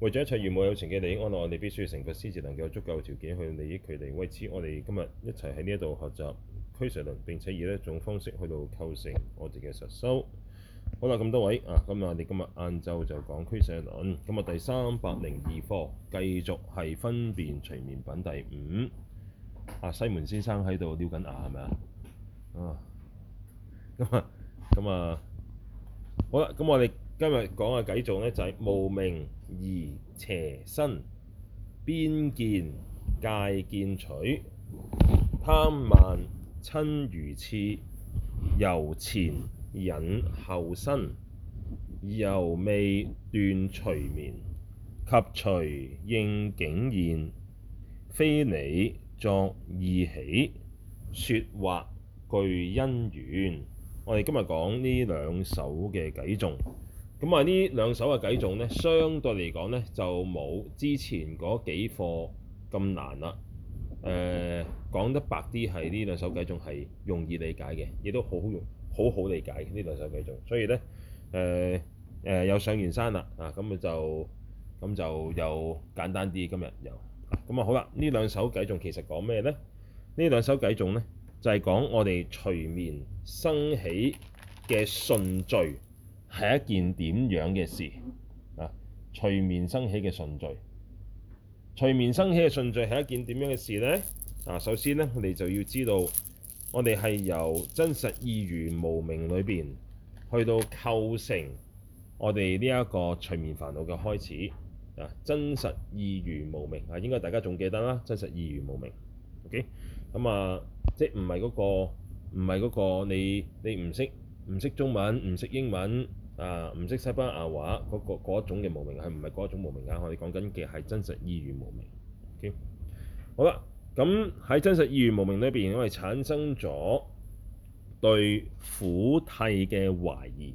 為咗一切如母、有情嘅利益安樂，我哋必須要成佛，先至能夠有足夠嘅條件去利益佢哋。為此，我哋今日一齊喺呢一度學習俱舍論，並且以呢一種方式去到構成我哋嘅實修。好啦，咁多位啊，咁我哋今日晏晝就講俱舍論，咁啊，第三百零二課繼續係分別隨眠品第五。啊，西門先生喺度撩緊牙係咪啊？啊，咁啊，咁啊，好啦，咁我哋今日講嘅偈做咧就係、是、無明，疑邪身，邊見戒見取，貪慢瞋如次，由前引後生，由未斷隨眠及隨應境現，非理作意起，說惑具因緣。我哋今日講呢兩首嘅偈頌。咁啊，兩手呢兩首嘅偈頌咧，相對嚟講咧，就冇之前嗰幾課咁難啦。誒、呃，講得白啲係呢兩首偈頌係容易理解嘅，亦都好好用、好好理解嘅呢兩首偈頌。所以咧，誒、呃、誒、呃，又上完山啦啊，咁啊就咁就又簡單啲。今日又，咁啊好啦，呢兩首偈頌其實講咩咧？兩手呢兩首偈頌咧就係、是、講我哋隨眠生起嘅順序。係一件點樣嘅事啊？隨眠生起嘅順序，隨眠生起嘅順序係一件點樣嘅事呢？啊，首先呢，我哋就要知道，我哋係由真實義愚無明裏邊去到構成我哋呢一個隨眠煩惱嘅開始啊！真實義愚無明啊，應該大家仲記得啦，真實義愚無明。OK，咁啊，即係唔係嗰個，唔係嗰個你，你你唔識。唔識中文，唔識英文，啊，唔識西班牙話嗰個種嘅無明係唔係嗰一種無明啊？我哋講緊嘅係真實義愚無明，OK？好啦，咁喺真實義愚無明裏邊，因為產生咗對苦諦嘅懷疑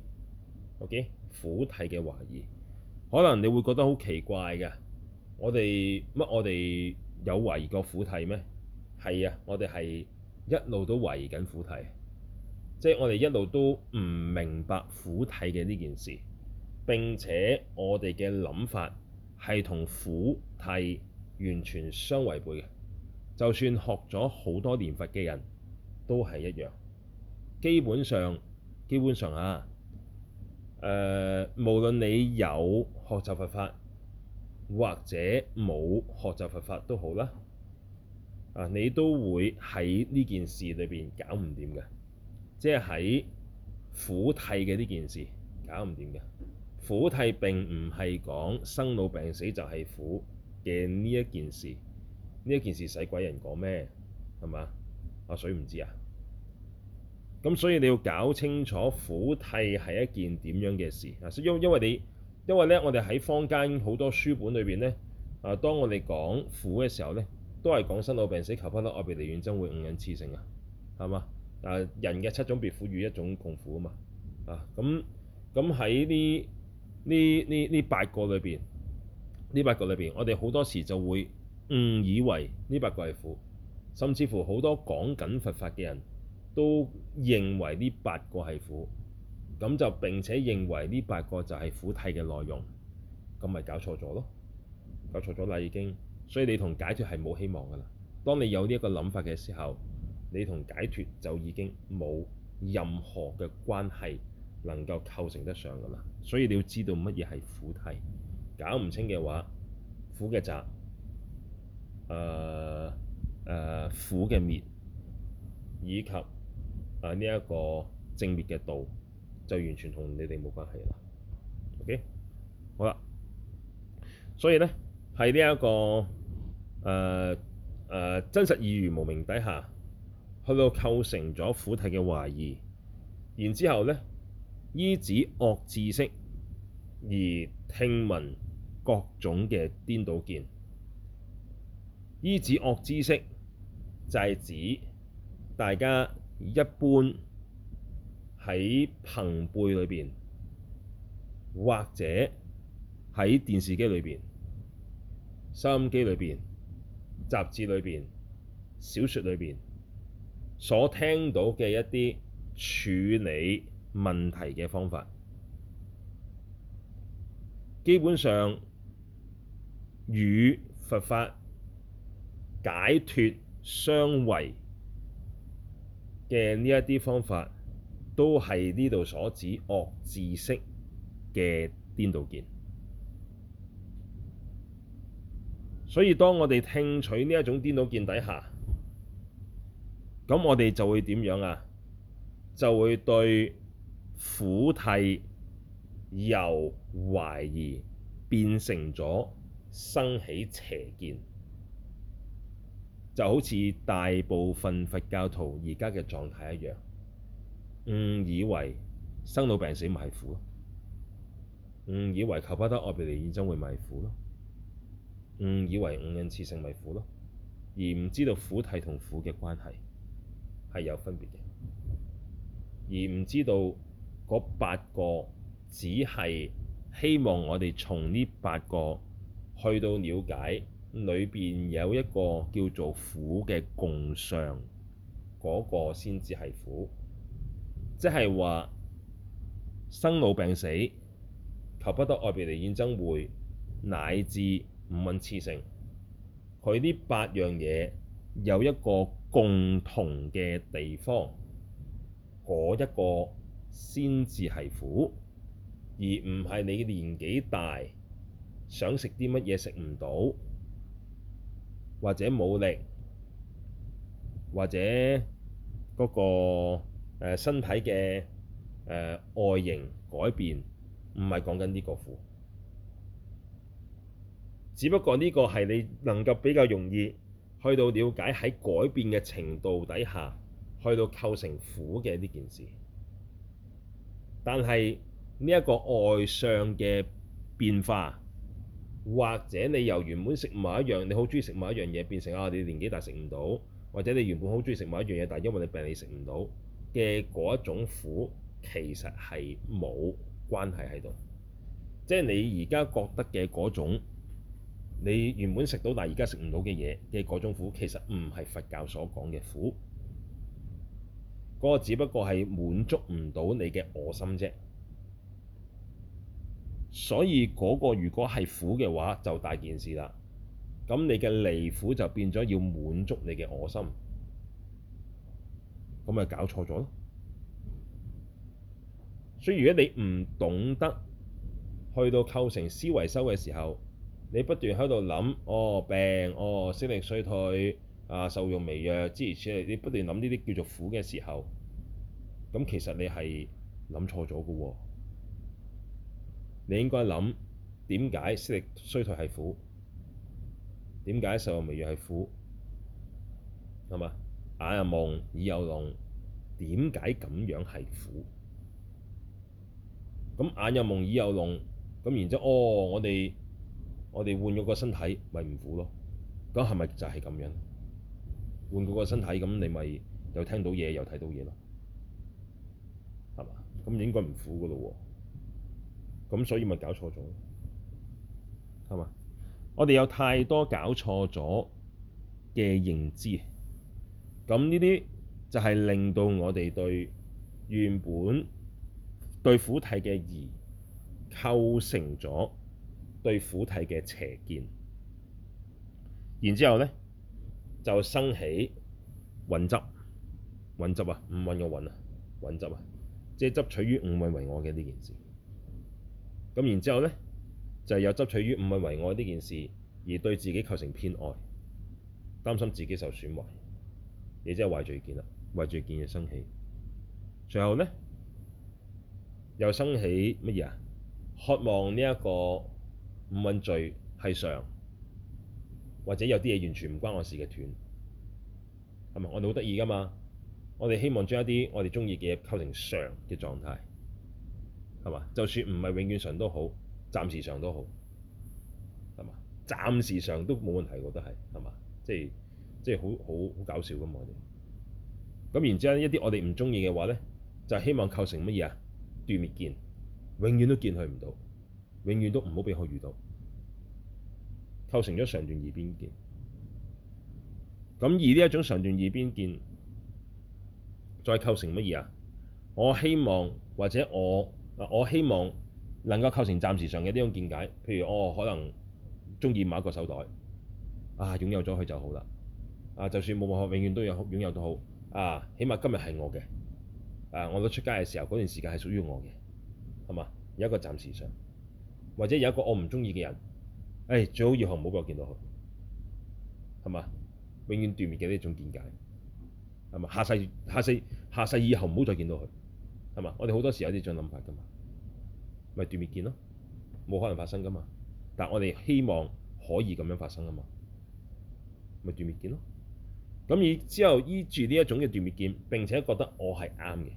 ，OK？苦諦嘅懷疑，可能你會覺得好奇怪嘅，我哋乜我哋有懷疑過苦諦咩？係啊，我哋係一路都懷疑緊苦諦。即係我哋一路都唔明白苦諦嘅呢件事，並且我哋嘅諗法係同苦諦完全相違背嘅。就算學咗好多年佛嘅人都係一樣，基本上基本上啊，誒、呃，無論你有學習佛法或者冇學習佛法都好啦，啊，你都會喺呢件事裏邊搞唔掂嘅。即係喺苦諦嘅呢件事搞唔掂嘅。苦諦並唔係講生老病死就係苦嘅呢一件事。呢一件事使鬼人講咩？係嘛？阿水唔知啊。咁所，、啊、所以你要搞清楚苦諦係一件點樣嘅事啊！因因為你因為呢，我哋喺坊間好多書本裏邊呢，啊，當我哋講苦嘅時候呢，都係講生老病死、求不得、愛別離、怨憎會、五陰熾盛啊，係嘛？人嘅七種別苦與一種共苦嘛，啊嘛，啊咁，咁喺呢呢呢八個裏邊呢八個裏邊，我哋好多時就會誤以為呢八個係苦，甚至乎好多講緊佛法嘅人都認為呢八個係苦，咁就並且認為呢八個就係苦諦嘅內容，咁咪搞錯咗咯，搞錯咗啦已經，所以你同解脫係冇希望㗎啦。當你有呢一個諗法嘅時候。你同解脱就已經冇任何嘅關係，能夠構成得上噶啦。所以你要知道乜嘢係苦諦搞唔清嘅話苦，呃呃，苦嘅集，誒誒苦嘅滅，以及誒呢一個正滅嘅道，就完全同你哋冇關係啦。OK，好啦，所以咧喺呢一、這個誒誒、呃呃、真實義愚無明底下。去到構成咗苦諦嘅懷疑，然之後呢，依止惡知識而聽聞各種嘅顛倒見，依止惡知識就係、是、指大家一般喺朋輩裏邊，或者喺電視機裏邊、收音機裏邊、雜誌裏邊、小説裏邊。所聽到嘅一啲處理問題嘅方法，基本上與佛法解脫相違嘅呢一啲方法，都係呢度所指惡知識嘅顛倒見。所以當我哋聽取呢一種顛倒見底下，咁我哋就會點樣啊？就會對苦諦由懷疑，變成咗生起邪見，就好似大部分佛教徒而家嘅狀態一樣。誤以為生老病死唔係苦咯，誤以為求不得愛別離怨憎會咪苦咯，誤以為五陰熾盛咪苦咯，而唔知道苦諦同苦嘅關係。係有分別嘅，而唔知道嗰八個只係希望我哋從呢八個去到了解裏邊有一個叫做苦嘅共相，嗰個先至係苦，即係話生老病死、求不得、愛別離、怨憎會乃至五蘊熾盛，佢呢八樣嘢有一個共同嘅地方，嗰一個先至係苦，而唔係你年紀大，想食啲乜嘢食唔到，或者冇力，或者嗰個誒身體嘅誒、呃、外形改變，唔係講緊呢個苦。只不過呢個係你能夠比較容易。去到了解喺改變嘅程度底下，去到構成苦嘅呢件事。但係呢一個外相嘅變化，或者你由原本食某一樣你好中意食某一樣嘢，變成啊你年紀大食唔到，或者你原本好中意食某一樣嘢，但係因為你病你食唔到嘅嗰一種苦，其實係冇關係喺度。即係你而家覺得嘅嗰種。你原本食到但而家食唔到嘅嘢嘅嗰種苦，其實唔係佛教所講嘅苦，嗰個只不過係滿足唔到你嘅我心啫。所以嗰個如果係苦嘅話，就大件事啦。咁你嘅離苦就變咗要滿足你嘅我心，咁咪搞錯咗咯。所以如果你唔懂得去到構成思維修嘅時候，你不斷喺度諗，哦病，哦色力衰退，啊受用微弱，諸如此類，你不斷諗呢啲叫做苦嘅時候，咁其實你係諗錯咗嘅喎。你應該諗點解色力衰退係苦？點解受用微弱係苦？係嘛？眼又矇，耳又聾，點解咁樣係苦？咁眼又矇，耳又聾，咁然之後，哦我哋。我哋換咗個身體，咪唔苦咯？咁係咪就係咁樣？換個個身體，咁你咪又聽到嘢，又睇到嘢咯？係嘛？咁應該唔苦噶咯喎？咁所以咪搞錯咗？係嘛？我哋有太多搞錯咗嘅認知，咁呢啲就係令到我哋對原本對苦諦嘅疑構成咗。對苦體嘅邪見，然之後呢，就生起蘊執，蘊執啊，五蘊嘅蘊啊，蘊執啊，即係執取於五蘊為我嘅呢件事。咁然之後呢，就係有執取於五蘊為我呢件事而對自己構成偏愛，擔心自己受損壞，你即係壞聚見啦，壞聚見而生起，最後呢，又生起乜嘢啊？渴望呢、這、一個。五蘊聚，係常；或者有啲嘢完全唔關我事嘅斷，係咪？我哋好得意噶嘛！我哋希望將一啲我哋中意嘅嘢構成常嘅狀態，係嘛？就算唔係永遠常都好，暫時常都好，係嘛？暫時常都冇問題，我覺得係，係嘛？即係即係好好好搞笑噶嘛！我哋咁然之後，一啲我哋唔中意嘅話咧，就希望構成乜嘢啊？斷滅見，永遠都見佢唔到，永遠都唔好俾佢遇到。構成咗常斷二邊見，咁而呢一種常斷二邊見，再構成乜嘢啊？我希望或者我我希望能夠構成暫時上嘅呢種見解。譬如我可能中意某一個手袋，啊擁有咗佢就好啦，啊就算冇冇辦法永遠都有擁有都好，啊起碼今日係我嘅，啊我都出街嘅時候嗰段時間係屬於我嘅，係嘛？有一個暫時上，或者有一個我唔中意嘅人。誒、哎、最好以後唔好再見到佢，係嘛？永遠斷滅嘅呢一種見解，係嘛？下世、下世、下世以後唔好再見到佢，係嘛？我哋好多時有呢種諗法㗎嘛，咪斷滅見咯，冇可能發生㗎嘛。但係我哋希望可以咁樣發生㗎嘛，咪斷滅見咯。咁而之後依住呢一種嘅斷滅見，並且覺得我係啱嘅，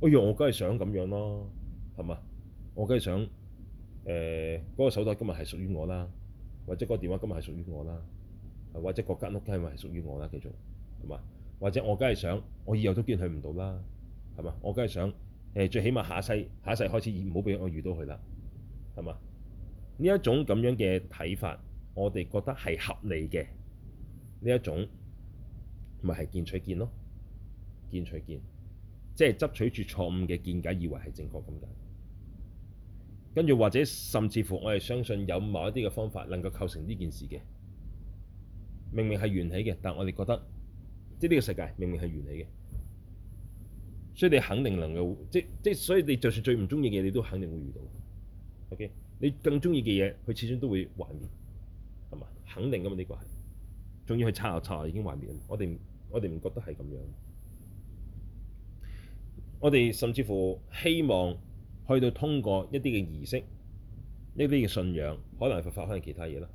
哎呀，我梗係想咁樣咯，係嘛？我梗係想。誒嗰、呃那個手袋今日係屬於我啦，或者嗰個電話今日係屬於我啦，或者嗰間屋今日係屬於我啦，繼續係嘛？或者我梗係想，我以後都見佢唔到啦，係嘛？我梗係想誒、呃，最起碼下世下世開始唔好俾我遇到佢啦，係嘛？呢一種咁樣嘅睇法，我哋覺得係合理嘅，呢一種咪係、就是、見取見咯，見取見，即係執取住錯誤嘅見解，以為係正確咁解。跟住或者甚至乎我係相信有某一啲嘅方法能夠構成呢件事嘅，明明係緣起嘅，但我哋覺得即係呢個世界明明係緣起嘅，所以你肯定能夠即即所以你就算最唔中意嘅嘢你都肯定會遇到，OK？你更中意嘅嘢佢始終都會幻滅，係嘛？肯定噶嘛，呢個係，仲要去拆下拆下已經幻滅，我哋我哋唔覺得係咁樣，我哋甚至乎希望。去到通過一啲嘅儀式，呢啲嘅信仰，可能佛法，可能其他嘢啦。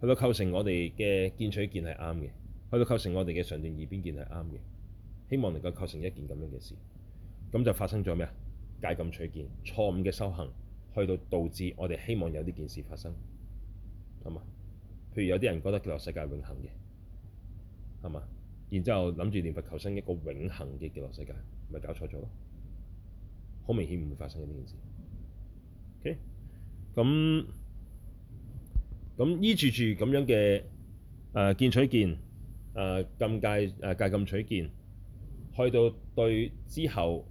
去到構成我哋嘅見取見係啱嘅，去到構成我哋嘅常斷二邊見係啱嘅，希望能夠構成一件咁樣嘅事，咁就發生咗咩啊？戒禁取見，錯誤嘅修行，去到導致我哋希望有啲件事發生，係嘛？譬如有啲人覺得極樂世界永恆嘅，係嘛？然之後諗住念佛求生一個永恆嘅極樂世界，咪搞錯咗咯？好明顯唔會發生嘅呢件事。OK，咁咁依住住咁樣嘅誒見取見誒、呃、禁戒誒、呃、戒禁取見，去到對之後，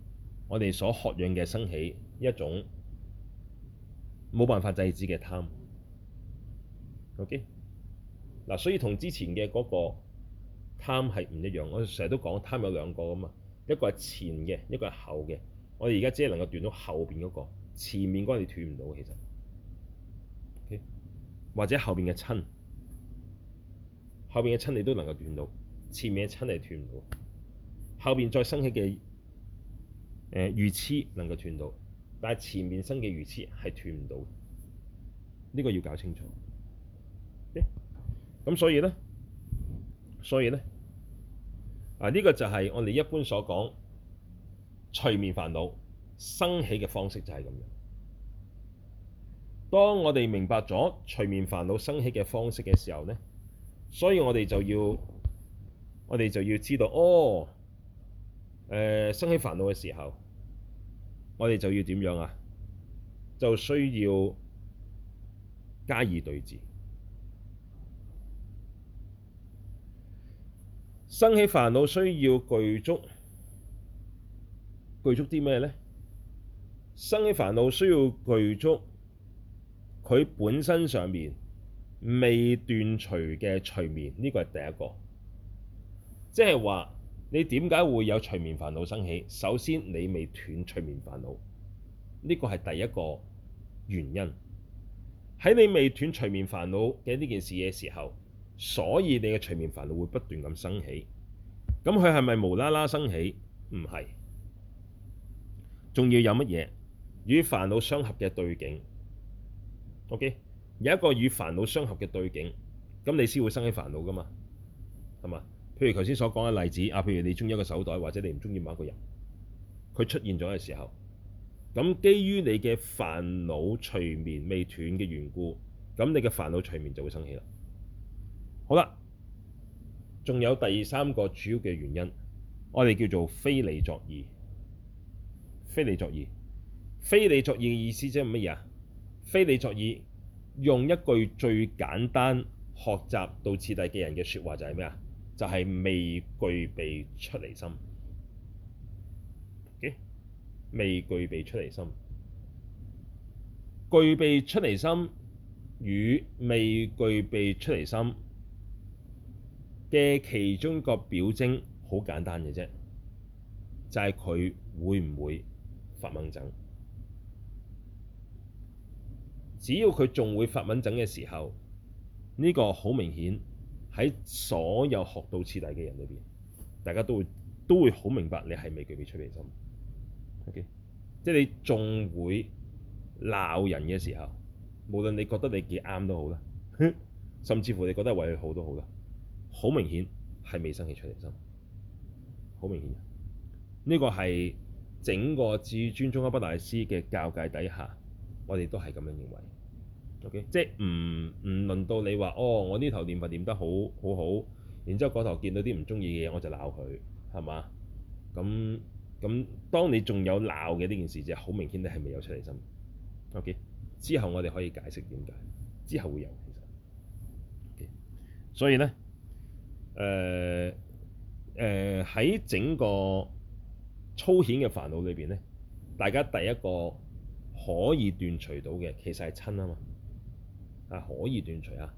我哋所學養嘅生起一種冇辦法制止嘅貪。OK，嗱、啊，所以同之前嘅嗰個貪係唔一樣。我成日都講貪有兩個噶嘛，一個係前嘅，一個係後嘅。我哋而家只係能夠斷到後邊嗰、那個，前面嗰個係斷唔到，其實，okay? 或者後邊嘅親，後邊嘅親你都能夠斷到，前面嘅親係斷唔到，後邊再生起嘅誒、呃、愚痴能夠斷到，但係前面生嘅愚痴係斷唔到，呢、這個要搞清楚，咁、okay? 所以咧，所以咧，啊呢、這個就係我哋一般所講。隨眠煩惱生起嘅方式就係咁樣。當我哋明白咗隨眠煩惱生起嘅方式嘅時候咧，所以我哋就要我哋就要知道，哦，誒、呃、生起煩惱嘅時候，我哋就要點樣啊？就需要加以對治。」生起煩惱需要具足。具足啲咩呢？生起煩惱需要具足佢本身上面未斷除嘅隨眠呢個係第一個，即係話你點解會有隨眠煩惱生起？首先你未斷隨眠煩惱呢個係第一個原因。喺你未斷隨眠煩惱嘅呢件事嘅時候，所以你嘅隨眠煩惱會不斷咁生起。咁佢係咪無啦啦生起？唔係。仲要有乜嘢與煩惱相合嘅對境？OK，有一個與煩惱相合嘅對境，咁你先會生起煩惱噶嘛？係嘛？譬如頭先所講嘅例子，啊，譬如你中意一個手袋，或者你唔中意某一個人，佢出現咗嘅時候，咁基於你嘅煩惱隨眠未斷嘅緣故，咁你嘅煩惱隨眠就會生起啦。好啦，仲有第三個主要嘅原因，我哋叫做非理作意。非理作意，非理作意嘅意思即係乜嘢啊？非理作意，用一句最簡單學習到次第嘅人嘅説話就係咩啊？就係、是、未具備出離心，okay? 未具備出離心，具備出離心與未具備出離心嘅其中個表徵好簡單嘅啫，就係、是、佢會唔會？發掹癥，只要佢仲會發掹癥嘅時候，呢個好明顯喺所有學到徹底嘅人裏邊，大家都會都會好明白你係未具備出離心。O.K.，即係你仲會鬧人嘅時候，無論你覺得你幾啱都好啦，甚至乎你覺得為佢好都好啦，好明顯係未生起出離心，好明顯呢個係整個至尊中一不大師嘅教界底下，我哋都係咁樣認為。O.K.，即係唔唔輪到你話哦，我呢頭點法點得好好好，然之後嗰頭見到啲唔中意嘅嘢我就鬧佢，係嘛？咁咁，當你仲有鬧嘅呢件事，就好明顯你係未有出離心。O.K.，之後我哋可以解釋點解，之後會有其實。Okay. 所以呢，誒誒喺整個。粗顯嘅煩惱裏邊呢，大家第一個可以斷除到嘅，其實係瞋啊嘛，係可以斷除啊，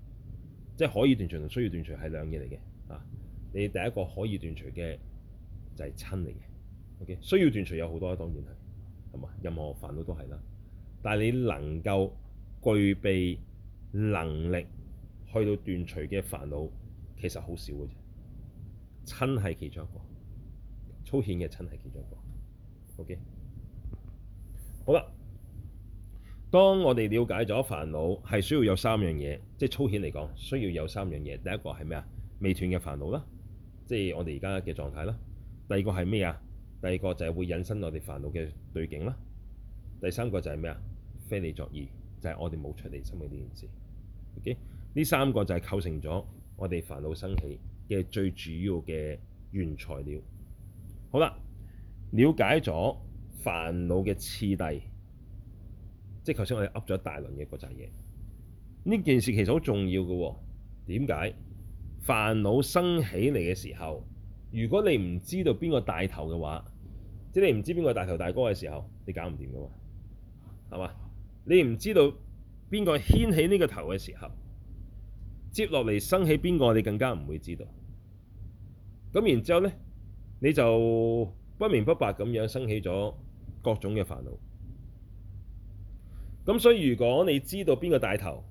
即係可以斷除同需要斷除係兩嘢嚟嘅啊。你第一個可以斷除嘅就係瞋嚟嘅，OK？需要斷除有好多，當然係，係嘛？任何煩惱都係啦，但係你能夠具備能力去到斷除嘅煩惱，其實好少嘅啫，瞋係其中一個。粗顯嘅親係其中一個？OK，好啦。當我哋了解咗煩惱，係需要有三樣嘢，即係粗顯嚟講，需要有三樣嘢。第一個係咩啊？未斷嘅煩惱啦，即係我哋而家嘅狀態啦。第二個係咩啊？第二個就係會引申我哋煩惱嘅對境啦。第三個就係咩啊？非理作意，就係、是、我哋冇出離心嘅呢件事。OK，呢三個就係構成咗我哋煩惱生起嘅最主要嘅原材料。好啦，了解咗煩惱嘅次第，即係頭先我哋噏咗一大輪嘅嗰陣嘢，呢件事其實好重要嘅喎。點解煩惱生起嚟嘅時候，如果你唔知道邊個大頭嘅話，即係你唔知邊個大頭大哥嘅時候，你搞唔掂㗎嘛，係嘛？你唔知道邊個掀起呢個頭嘅時候，接落嚟生起邊個，你更加唔會知道。咁然之後咧。你就不明不白咁樣升起咗各種嘅煩惱。咁所以如果你知道邊個帶頭，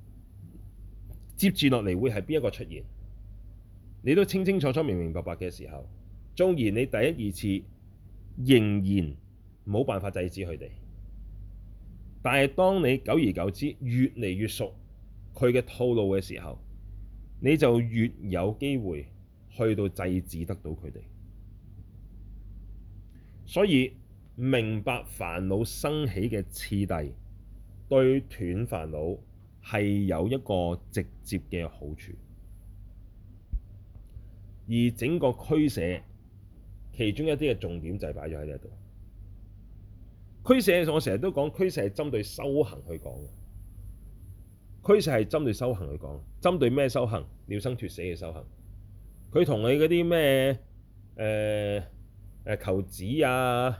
接住落嚟會係邊一個出現，你都清清楚楚、明明白白嘅時候，縱然你第一二次仍然冇辦法制止佢哋，但係當你久而久之越嚟越熟佢嘅套路嘅時候，你就越有機會去到制止得到佢哋。所以明白煩惱生起嘅次第，對斷煩惱係有一個直接嘅好處。而整個俱舍，其中一啲嘅重點就係擺咗喺呢度。俱舍，我成日都講俱舍係針對修行去講嘅，俱舍係針對修行去講，針對咩修行？了生脫死嘅修行。佢同你嗰啲咩誒？呃誒求子啊！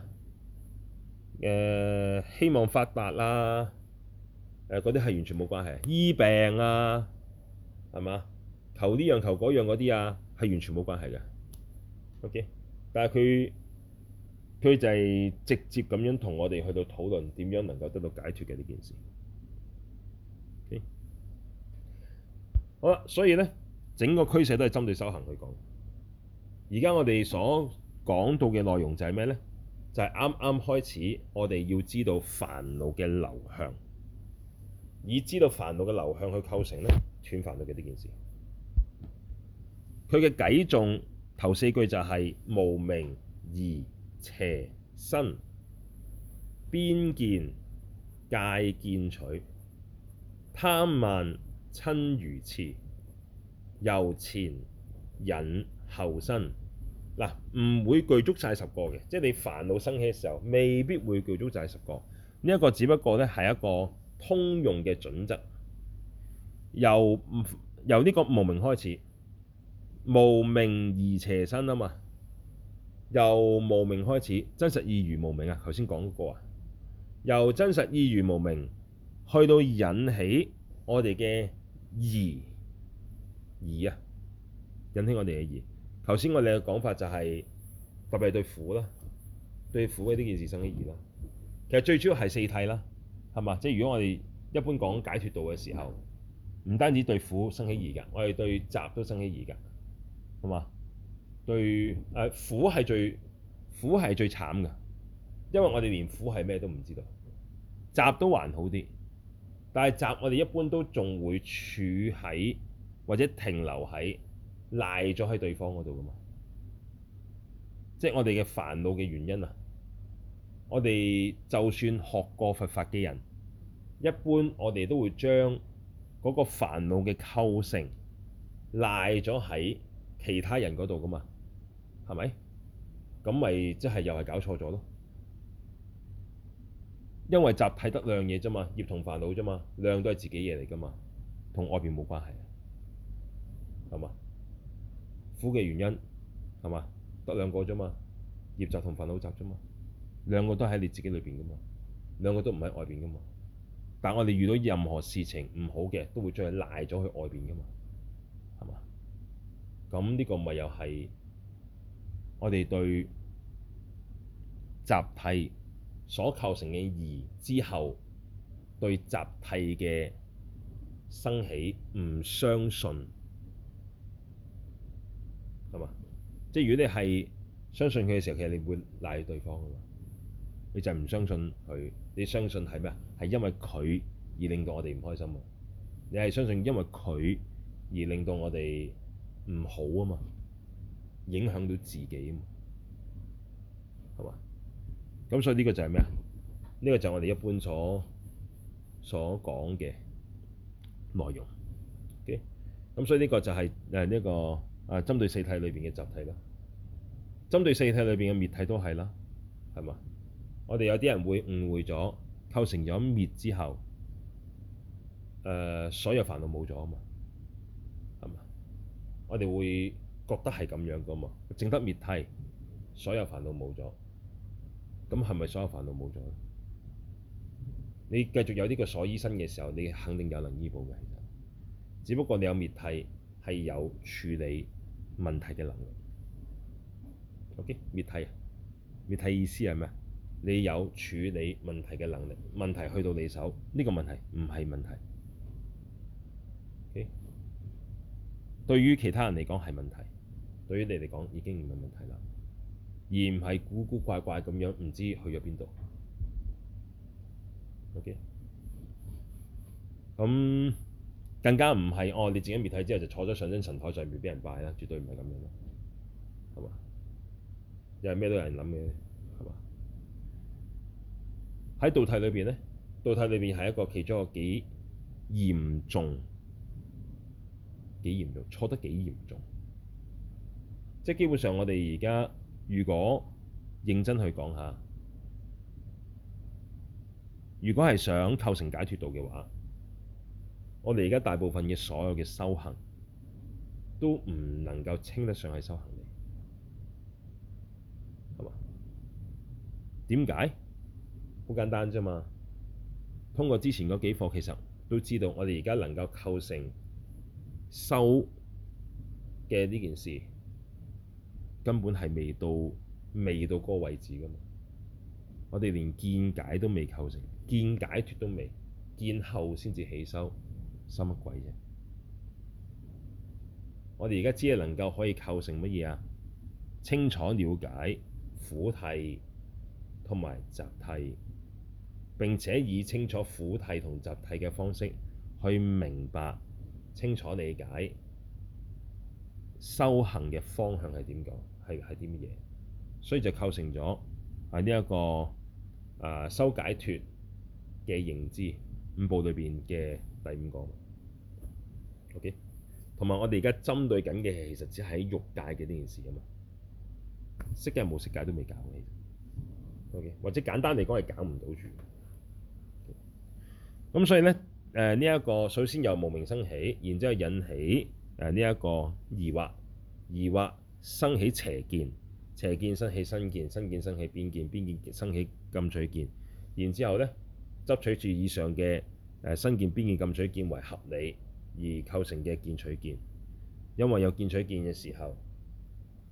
誒、呃、希望發達啊！誒嗰啲係完全冇關係，醫病啊，係嘛？求呢樣求嗰樣嗰啲啊，係完全冇關係嘅。Okay，但係佢佢就係直接咁樣同我哋去到討論點樣能夠得到解脫嘅呢件事。Okay？好啦，所以咧整個俱舍都係針對修行去講。而家我哋所，講到嘅內容就係咩呢？就係啱啱開始，我哋要知道煩惱嘅流向，以知道煩惱嘅流向去構成呢串煩惱嘅呢件事。佢嘅偈頌頭四句就係、是、無明疑邪身，邊見戒見取，貪慢瞋如次，由前引後生。嗱，唔會具足晒十個嘅，即係你煩惱生起嘅時候，未必會具足晒十個。呢、這、一個只不過咧係一個通用嘅準則，由由呢個無明開始，無明疑邪身啊嘛，由無明開始，真實義愚無明啊，頭先講過啊，由真實義愚無明，去到引起我哋嘅疑疑啊，引起我哋嘅疑。頭先我哋嘅講法就係，特別係對苦啦，對苦呢件事生起疑啦。其實最主要係四諦啦，係嘛？即係如果我哋一般講解脫道嘅時候，唔單止對苦生起疑㗎，我哋對集都生起疑㗎，係嘛？對誒苦係最苦，係最慘㗎，因為我哋連苦係咩都唔知道，集都還好啲，但係集我哋一般都仲會處喺或者停留喺。賴咗喺對方嗰度噶嘛，即係我哋嘅煩惱嘅原因啊。我哋就算學過佛法嘅人，一般我哋都會將嗰個煩惱嘅構成賴咗喺其他人嗰度噶嘛，係咪？咁咪即係又係搞錯咗咯？因為集諦得兩嘢啫嘛，業同煩惱啫嘛，兩都係自己嘢嚟噶嘛，同外邊冇關係啊，係嘛？苦嘅原因係嘛？得兩個啫嘛，業集同煩惱集啫嘛，兩個都喺你自己裏邊噶嘛，兩個都唔喺外邊噶嘛。但我哋遇到任何事情唔好嘅，都會將佢賴咗去外邊噶嘛，係嘛？咁呢個咪又係我哋對集諦所構成嘅疑之後，對集諦嘅生起唔相信。即係如果你係相信佢嘅時候，其實你會賴對方啊嘛。你就係唔相信佢，你相信係咩啊？係因為佢而令到我哋唔開心啊。你係相信因為佢而令到我哋唔好啊嘛，影響到自己啊嘛，係嘛？咁所以呢個就係咩啊？呢個就係我哋一般所所講嘅內容。OK，咁所以呢個就係誒呢個。啊！針對四諦裏邊嘅集諦啦，針對四諦裏邊嘅滅諦都係啦，係嘛？我哋有啲人會誤會咗構成咗滅之後，誒、呃，所有煩惱冇咗啊嘛，係嘛？我哋會覺得係咁樣噶嘛，淨得滅諦，所有煩惱冇咗，咁係咪所有煩惱冇咗咧？你繼續有呢個鎖醫生嘅時候，你肯定有能醫保嘅。其實，只不過你有滅諦係有處理問題嘅能力，OK？滅諦，啊！滅諦意思係咩啊？你有處理問題嘅能力，問題去到你手，呢、這個問題唔係問題。OK？對於其他人嚟講係問題，對於你嚟講已經唔係問題啦，而唔係古古怪怪咁樣唔知去咗邊度。OK？咁、嗯。更加唔係哦，你自己滅體之後就坐咗上尊神台上面畀人拜啦，絕對唔係咁樣咯，係嘛？又係咩都有人諗嘅，係嘛？喺道體裏邊咧，道體裏邊係一個其中一個幾嚴重、幾嚴重錯得幾嚴重，即係基本上我哋而家如果認真去講下，如果係想構成解脱道嘅話，我哋而家大部分嘅所有嘅修行都唔能夠稱得上係修行嚟，係嘛？點解？好簡單啫嘛。通過之前嗰幾課，其實都知道我哋而家能夠構成修嘅呢件事，根本係未到未到嗰個位置㗎嘛。我哋連見解都未構成，見解脱都未，見後先至起修。深乜鬼啫？我哋而家只係能夠可以構成乜嘢啊？清楚了解苦諦同埋集諦，並且以清楚苦諦同集諦嘅方式去明白清楚理解修行嘅方向係點講，係係啲乜嘢？所以就構成咗喺呢一個啊，修、這個啊、解脱嘅認知五部裏邊嘅第五個。OK，同埋我哋而家針對緊嘅，其實只喺欲界嘅呢件事啊嘛。色界無色界都未搞起，OK，或者簡單嚟講係搞唔到住。咁、okay? 所以咧，誒呢一個首先由無明生起，然之後引起誒呢一個疑惑，疑惑生起邪見，邪見生起身見，身見生起邊見，邊見生起禁取見，然之後咧執取住以上嘅誒身見、邊見、禁取見為合理。而構成嘅見取見，因為有見取見嘅時候，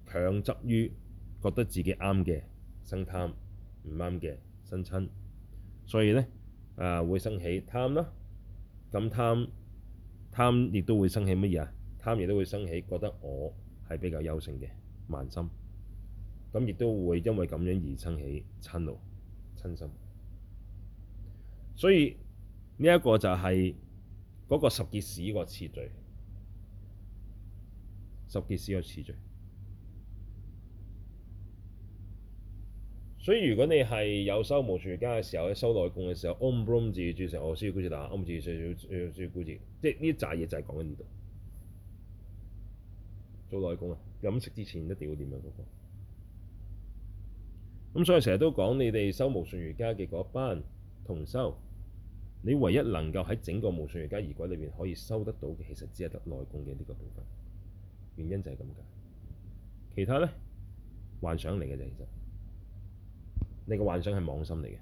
強執於覺得自己啱嘅生貪，唔啱嘅生瞋，所以呢啊會生起貪啦。咁貪貪亦都會生起乜嘢啊？貪亦都會生起覺得我係比較優勝嘅慢心，咁亦都會因為咁樣而生起瞋怒瞋心。所以呢一、這個就係、是。嗰個十結使個次序，十結使個次序。所以如果你係有修無上瑜伽嘅時候，喺修內功嘅時候，on broom 字，最成我需要古字打，on 字最要要需要古字。即係呢扎嘢就係講緊呢度。做內功啊，飲食之前一定要點樣嗰個。咁所以成日都講你哋修無上瑜伽嘅嗰班同修。你唯一能夠喺整個無上瑜伽儀軌裏邊可以收得到嘅，其實只係得內功嘅呢個部分。原因就係咁解，其他咧，幻想嚟嘅啫。其實你個幻想係妄心嚟嘅。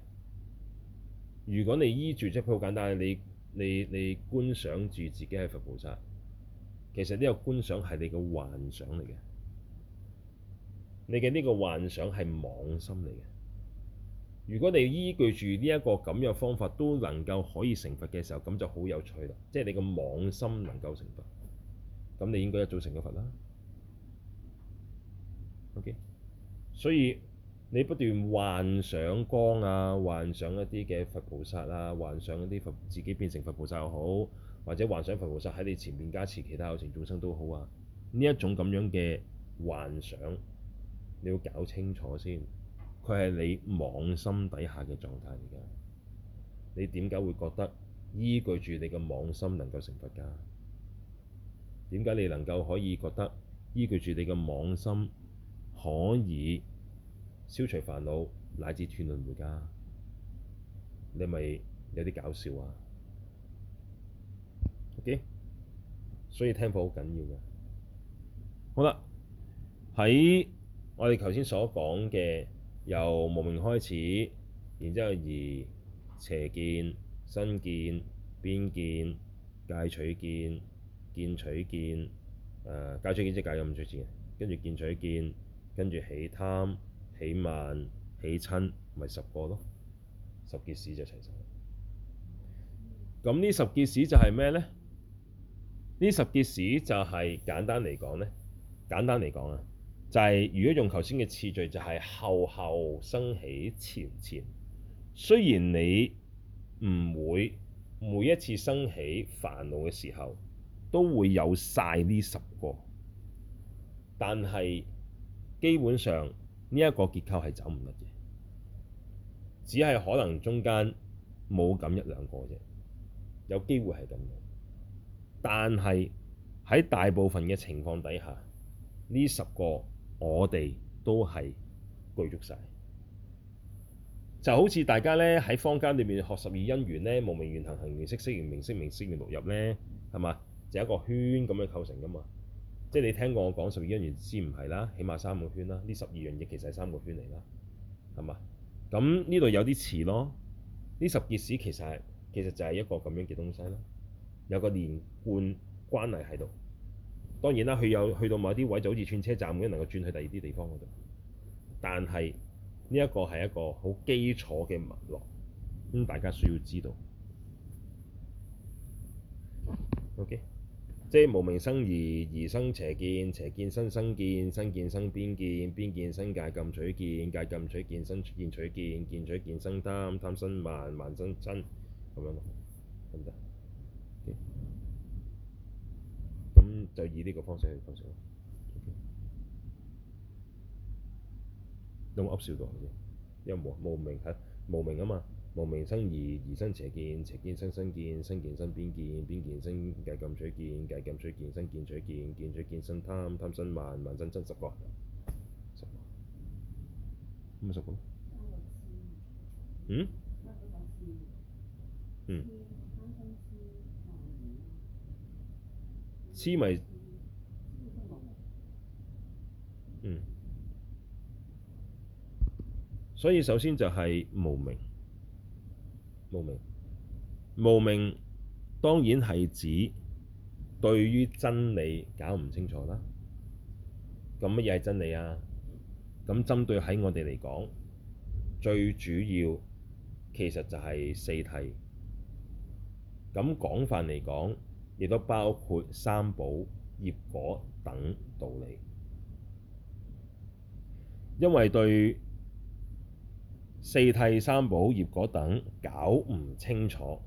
如果你依住即係好簡單，你你你觀想住自己係佛菩薩，其實呢個觀想係你，幻想你個幻想嚟嘅。你嘅呢個幻想係妄心嚟嘅。如果你依據住呢一個咁樣方法都能夠可以成佛嘅時候，咁就好有趣啦。即係你個妄心能夠成佛，咁你應該一早成咗佛啦。O.K. 所以你不斷幻想光啊，幻想一啲嘅佛菩薩啊，幻想一啲佛自己變成佛菩薩又好，或者幻想佛菩薩喺你前面加持其他有情眾生都好啊。呢一種咁樣嘅幻想，你要搞清楚先。佢係你妄心底下嘅狀態，嚟㗎。你點解會覺得依據住你嘅妄心能夠成佛㗎？點解你能夠可以覺得依據住你嘅妄心可以消除煩惱，乃至斷輪迴㗎？你咪有啲搞笑啊！OK，所以聽課好緊要嘅。好啦，喺我哋頭先所講嘅。由無明開始，然之後而邪見、身見、邊見、戒取見、見取見，誒戒取見即係戒禁取見，跟住見取見，跟住起貪、起慢、起瞋，咪、就是、十個咯，十件事就齊曬。咁呢十件事就係咩呢？呢十件事就係簡單嚟講呢，簡單嚟講啊！就係如果用頭先嘅次序，就係後後生起前前。雖然你唔會每一次生起煩惱嘅時候都會有晒呢十個，但係基本上呢一個結構係走唔甩嘅。只係可能中間冇咁一兩個啫，有機會係咁樣。但係喺大部分嘅情況底下，呢十個，我哋都係具足晒，就好似大家呢喺坊間裏面學十二因緣呢，無明緣行行緣識識緣名識名識緣六入，入呢，係嘛？就一個圈咁樣構成噶嘛。即係你聽過我講十二因緣先唔係啦，起碼三個圈啦。呢十二樣嘢其實係三個圈嚟啦，係嘛？咁呢度有啲詞咯，呢十件事其實係其實就係一個咁樣嘅東西啦，有個連貫關係喺度。當然啦，佢有去到某啲位就好似轉車站咁樣，能夠轉去第二啲地方嗰度。但係呢一個係一個好基礎嘅脈絡，咁大家需要知道。OK，即係無明生疑，疑生邪見，邪見身生身見，身見生邊見，邊見生戒禁取見，戒禁取見生見取見，見取見生貪，貪生慢，慢生瞋，咁樣，得唔得？咁就以呢個方式去分析咯。有冇噏笑到啊？因為冇啊，無明睇，無明啊嘛，無明生疑，疑生邪見，邪見生身見，身見生邊見，邊見生戒禁取見，戒禁取見生見取見，見取見生貪，貪生慢，慢生瞋，真實覺。咁咪十個咯。嗯。嗯。痴迷，嗯，所以首先就係無明。無明，無明當然係指對於真理搞唔清楚啦。咁乜嘢係真理啊？咁針對喺我哋嚟講，最主要其實就係四諦。咁廣泛嚟講。亦都包括三寶、業果等道理，因為對四諦、三寶、業果等搞唔清楚，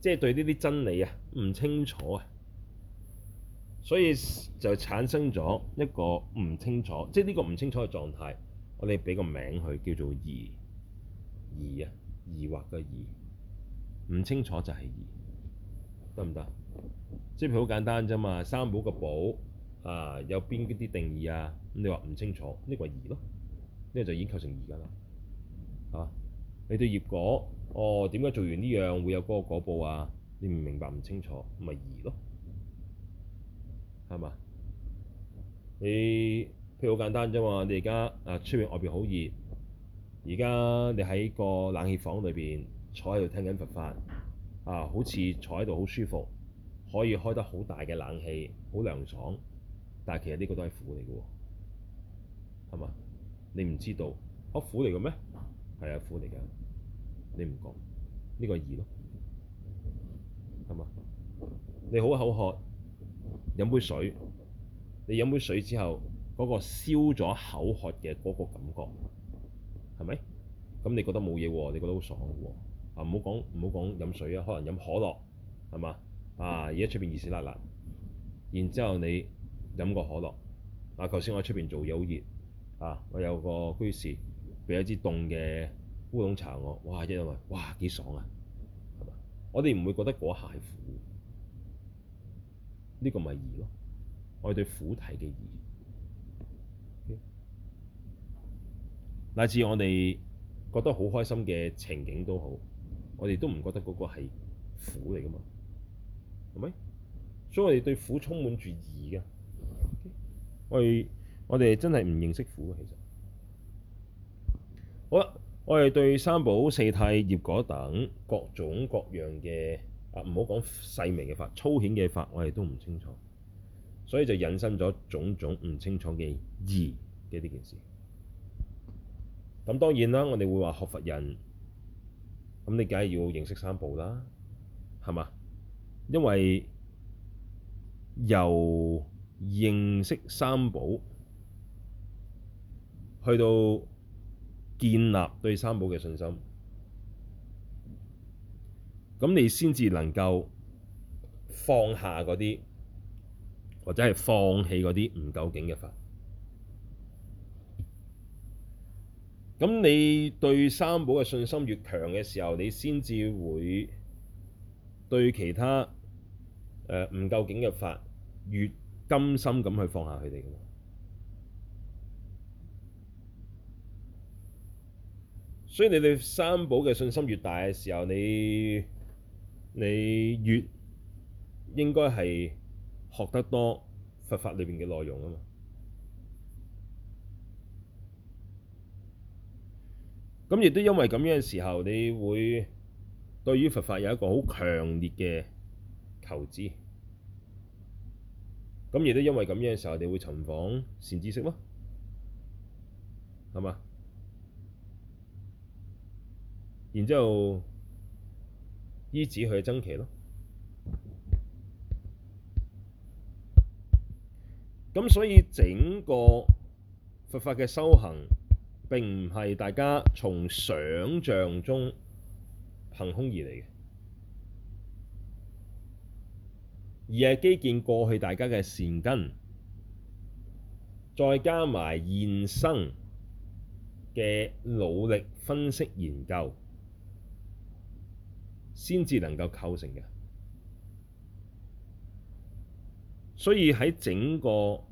即係對呢啲真理啊唔清楚啊，所以就產生咗一個唔清楚，即係呢個唔清楚嘅狀態。我哋畀個名佢叫做疑，疑啊，疑惑嘅疑，唔清楚就係疑，得唔得？即係好簡單啫嘛，三寶個寶啊，有邊啲定義啊？咁你話唔清楚呢個係疑咯，呢個就已經構成疑噶啦，係嘛？你對葉果哦，點解做完呢樣會有嗰個果報啊？你唔明白唔清楚，咪疑咯，係嘛？你譬如好簡單啫嘛，你而家啊，出面外邊好熱，而家你喺個冷氣房裏邊坐喺度聽緊佛法啊，好似坐喺度好舒服。可以開得好大嘅冷氣，好涼爽，但係其實呢個都係苦嚟嘅，係嘛？你唔知道，我苦嚟嘅咩？係啊，苦嚟嘅、啊，你唔講呢個二咯，係嘛？你好口渴，飲杯水。你飲杯水之後，嗰、嗰個消咗口渴嘅嗰個感覺係咪？咁你覺得冇嘢喎，你覺得好爽喎啊！唔好講唔好講飲水啊，可能飲可樂，係嘛？啊！而家出邊熱死啦！啦，然之後你飲個可樂啊。頭先我喺出邊做嘢，又好熱啊。我有個居士俾一支凍嘅烏龍茶我、啊，哇！一人，哇！幾爽啊，係嘛？我哋唔會覺得嗰下係苦，呢、這個咪易咯。我哋對苦睇嘅易，okay？乃至我哋覺得好開心嘅情景都好，我哋都唔覺得嗰個係苦嚟㗎嘛。係咪？所以我哋對苦充滿住疑嘅。我哋我哋真係唔認識苦嘅，其實。好啦，我哋對三寶四諦業果等各種各樣嘅啊，唔好講細微嘅法，粗顯嘅法，我哋都唔清楚。所以就引申咗種種唔清楚嘅疑嘅呢件事。咁當然啦，我哋會話學佛人，咁你梗係要認識三寶啦，係嘛？因為由認識三寶去到建立對三寶嘅信心，咁你先至能夠放下嗰啲或者係放棄嗰啲唔究竟嘅法。咁你對三寶嘅信心越強嘅時候，你先至會對其他。誒唔究竟嘅法越甘心咁去放下佢哋㗎嘛。所以你對三寶嘅信心越大嘅時候，你你越應該係學得多佛法裏面嘅內容啊嘛。咁亦都因為咁樣嘅時候，你會對於佛法有一個好強烈嘅。投資，咁亦都因為咁樣嘅時候，我哋會尋訪善知識咯，係嘛？然之後依止佢嘅僧伽咯，咁所以整個佛法嘅修行並唔係大家從想像中憑空而嚟嘅。而係基建過去大家嘅善根，再加埋現生嘅努力分析研究，先至能夠構成嘅。所以喺整個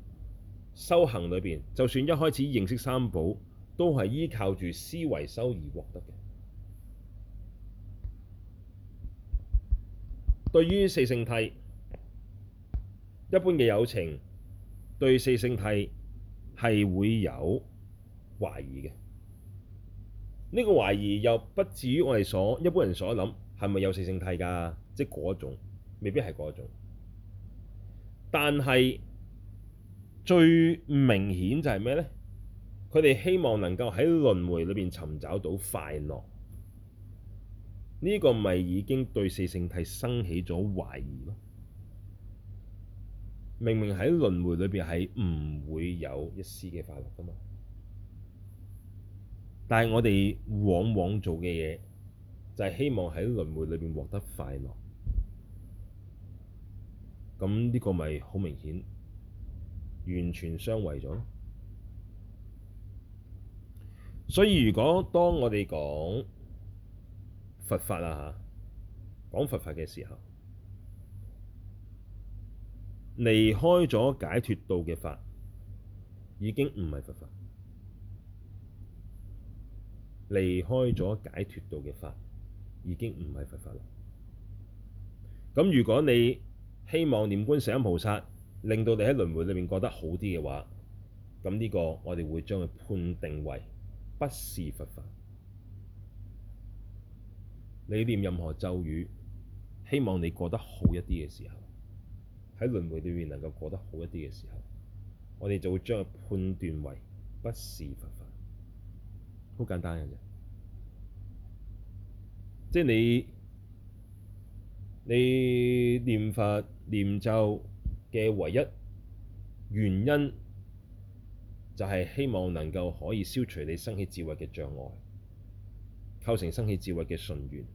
修行裏邊，就算一開始認識三寶，都係依靠住思維修而獲得嘅。對於四聖諦。一般嘅有情對四聖諦係會有懷疑嘅，呢個懷疑又不至於我哋所一般人所諗係咪有四聖諦㗎，即係嗰種，未必係嗰種。但係最明顯就係咩呢？佢哋希望能夠喺輪迴裏邊尋找到快樂，呢個咪已經對四聖諦生起咗懷疑咯。明明喺輪迴裏邊係唔會有一絲嘅快樂噶嘛，但係我哋往往做嘅嘢就係、是、希望喺輪迴裏邊獲得快樂。咁呢個咪好明顯完全相違咗。所以如果當我哋講佛法啊嚇，講佛法嘅時候。離開咗解脫道嘅法，已經唔係佛法。離開咗解脫道嘅法，已經唔係佛法了。咁如果你希望念觀世音菩薩，令到你喺輪迴裏面過得好啲嘅話，咁呢個我哋會將佢判定為不是佛法。你念任何咒語，希望你過得好一啲嘅時候。喺輪迴裏面能夠過得好一啲嘅時候，我哋就會將佢判斷為不是佛法，好簡單嘅啫。即係你你念佛念咒嘅唯一原因，就係希望能夠可以消除你生起智慧嘅障礙，構成生起智慧嘅順緣，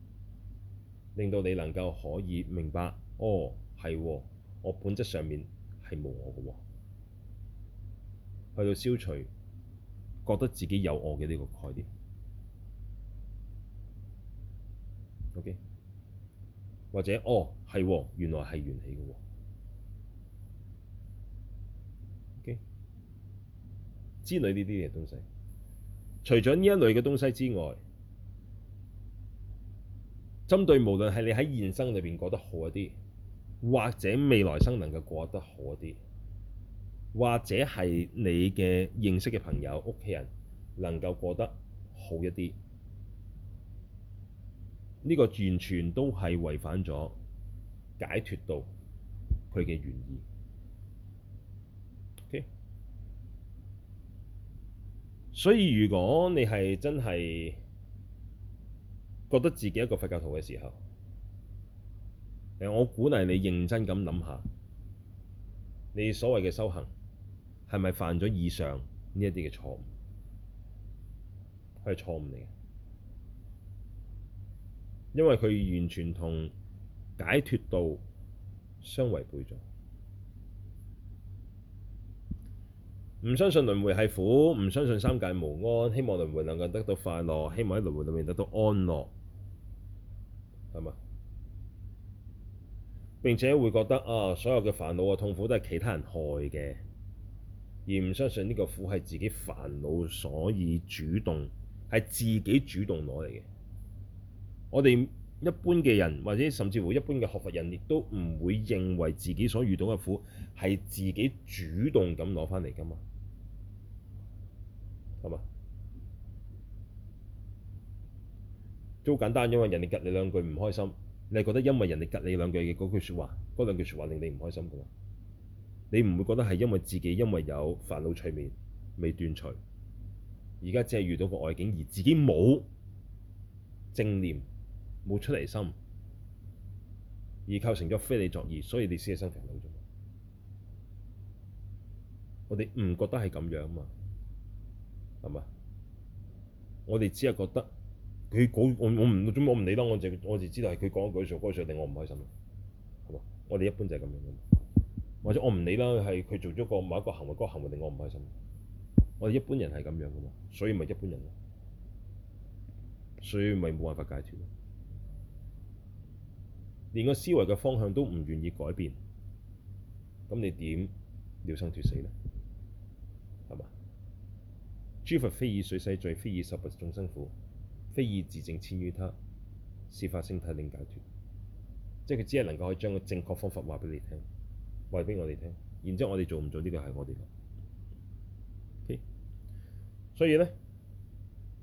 令到你能夠可以明白，哦係喎。我本質上面係冇我嘅喎，去到消除覺得自己有我嘅呢、這個概念。OK，或者哦係喎、哦，原來係緣起嘅喎。OK，之類呢啲嘢，東西，除咗呢一類嘅東西之外，針對無論係你喺現生裏邊過得好一啲。或者未來生能夠過得好啲，或者係你嘅認識嘅朋友、屋企人能夠過得好一啲，呢個完全都係違反咗解脫道佢嘅原意。Okay? 所以如果你係真係覺得自己一個佛教徒嘅時候，誒，我鼓勵你認真咁諗下，你所謂嘅修行係咪犯咗以上呢一啲嘅錯誤？佢係錯誤嚟嘅，因為佢完全同解脫道相違背咗。唔相信輪迴係苦，唔相信三界無安，希望輪迴能夠得到快樂，希望喺輪迴裡面得到安樂，係咪？並且會覺得啊，所有嘅煩惱啊、痛苦都係其他人害嘅，而唔相信呢個苦係自己煩惱，所以主動係自己主動攞嚟嘅。我哋一般嘅人，或者甚至乎一般嘅學佛人，亦都唔會認為自己所遇到嘅苦係自己主動咁攞翻嚟噶嘛。係咪？都好簡單，因為人哋吉你兩句唔開心。你係覺得因為人哋隔你兩句嘅嗰句説話，嗰兩句説話令你唔開心噶嘛？你唔會覺得係因為自己因為有煩惱隨眠未斷除，而家只係遇到個外境，而自己冇正念冇出離心，而構成咗非理作意，所以你先係心情好咗。我哋唔覺得係咁樣啊嘛，係嘛？我哋只係覺得。佢我我唔做，我唔理啦，我就我就知道係佢講一句說話，嗰句說話令我唔開心，係嘛？我哋一般就係咁樣噶嘛，或者我唔理啦，係佢做咗個某一個行為嗰、嗰個行為令我唔開心，我哋一般人係咁樣噶嘛，所以咪一般人咯，所以咪冇辦法解脫，連個思維嘅方向都唔願意改變，咁你點了生脱死咧？係嘛？諸佛非以水洗罪，非以十佛眾生苦。非意自證遷於他，是法性體令解脫。即係佢只係能夠可以將個正確方法話俾你聽，話俾我哋聽。然之後我哋做唔做呢個係我哋嘅。Okay? 所以咧，誒、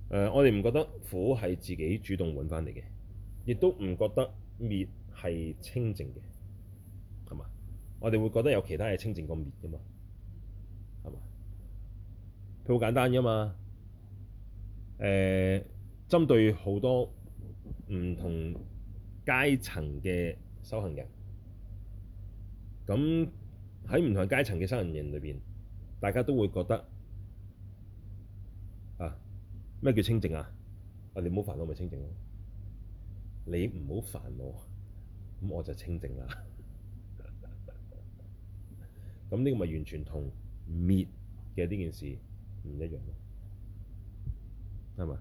呃、我哋唔覺得苦係自己主動揾翻嚟嘅，亦都唔覺得滅係清淨嘅，係嘛？我哋會覺得有其他嘢清淨過滅噶嘛？係、呃、嘛？佢好簡單噶嘛？誒。針對好多唔同階層嘅修行人，咁喺唔同階層嘅修行人裏邊，大家都會覺得啊，咩叫清靜啊？啊，你唔好煩我，咪清靜咯。你唔好煩我，咁我就清靜啦、啊。咁呢 個咪完全同滅嘅呢件事唔一樣咯，係咪？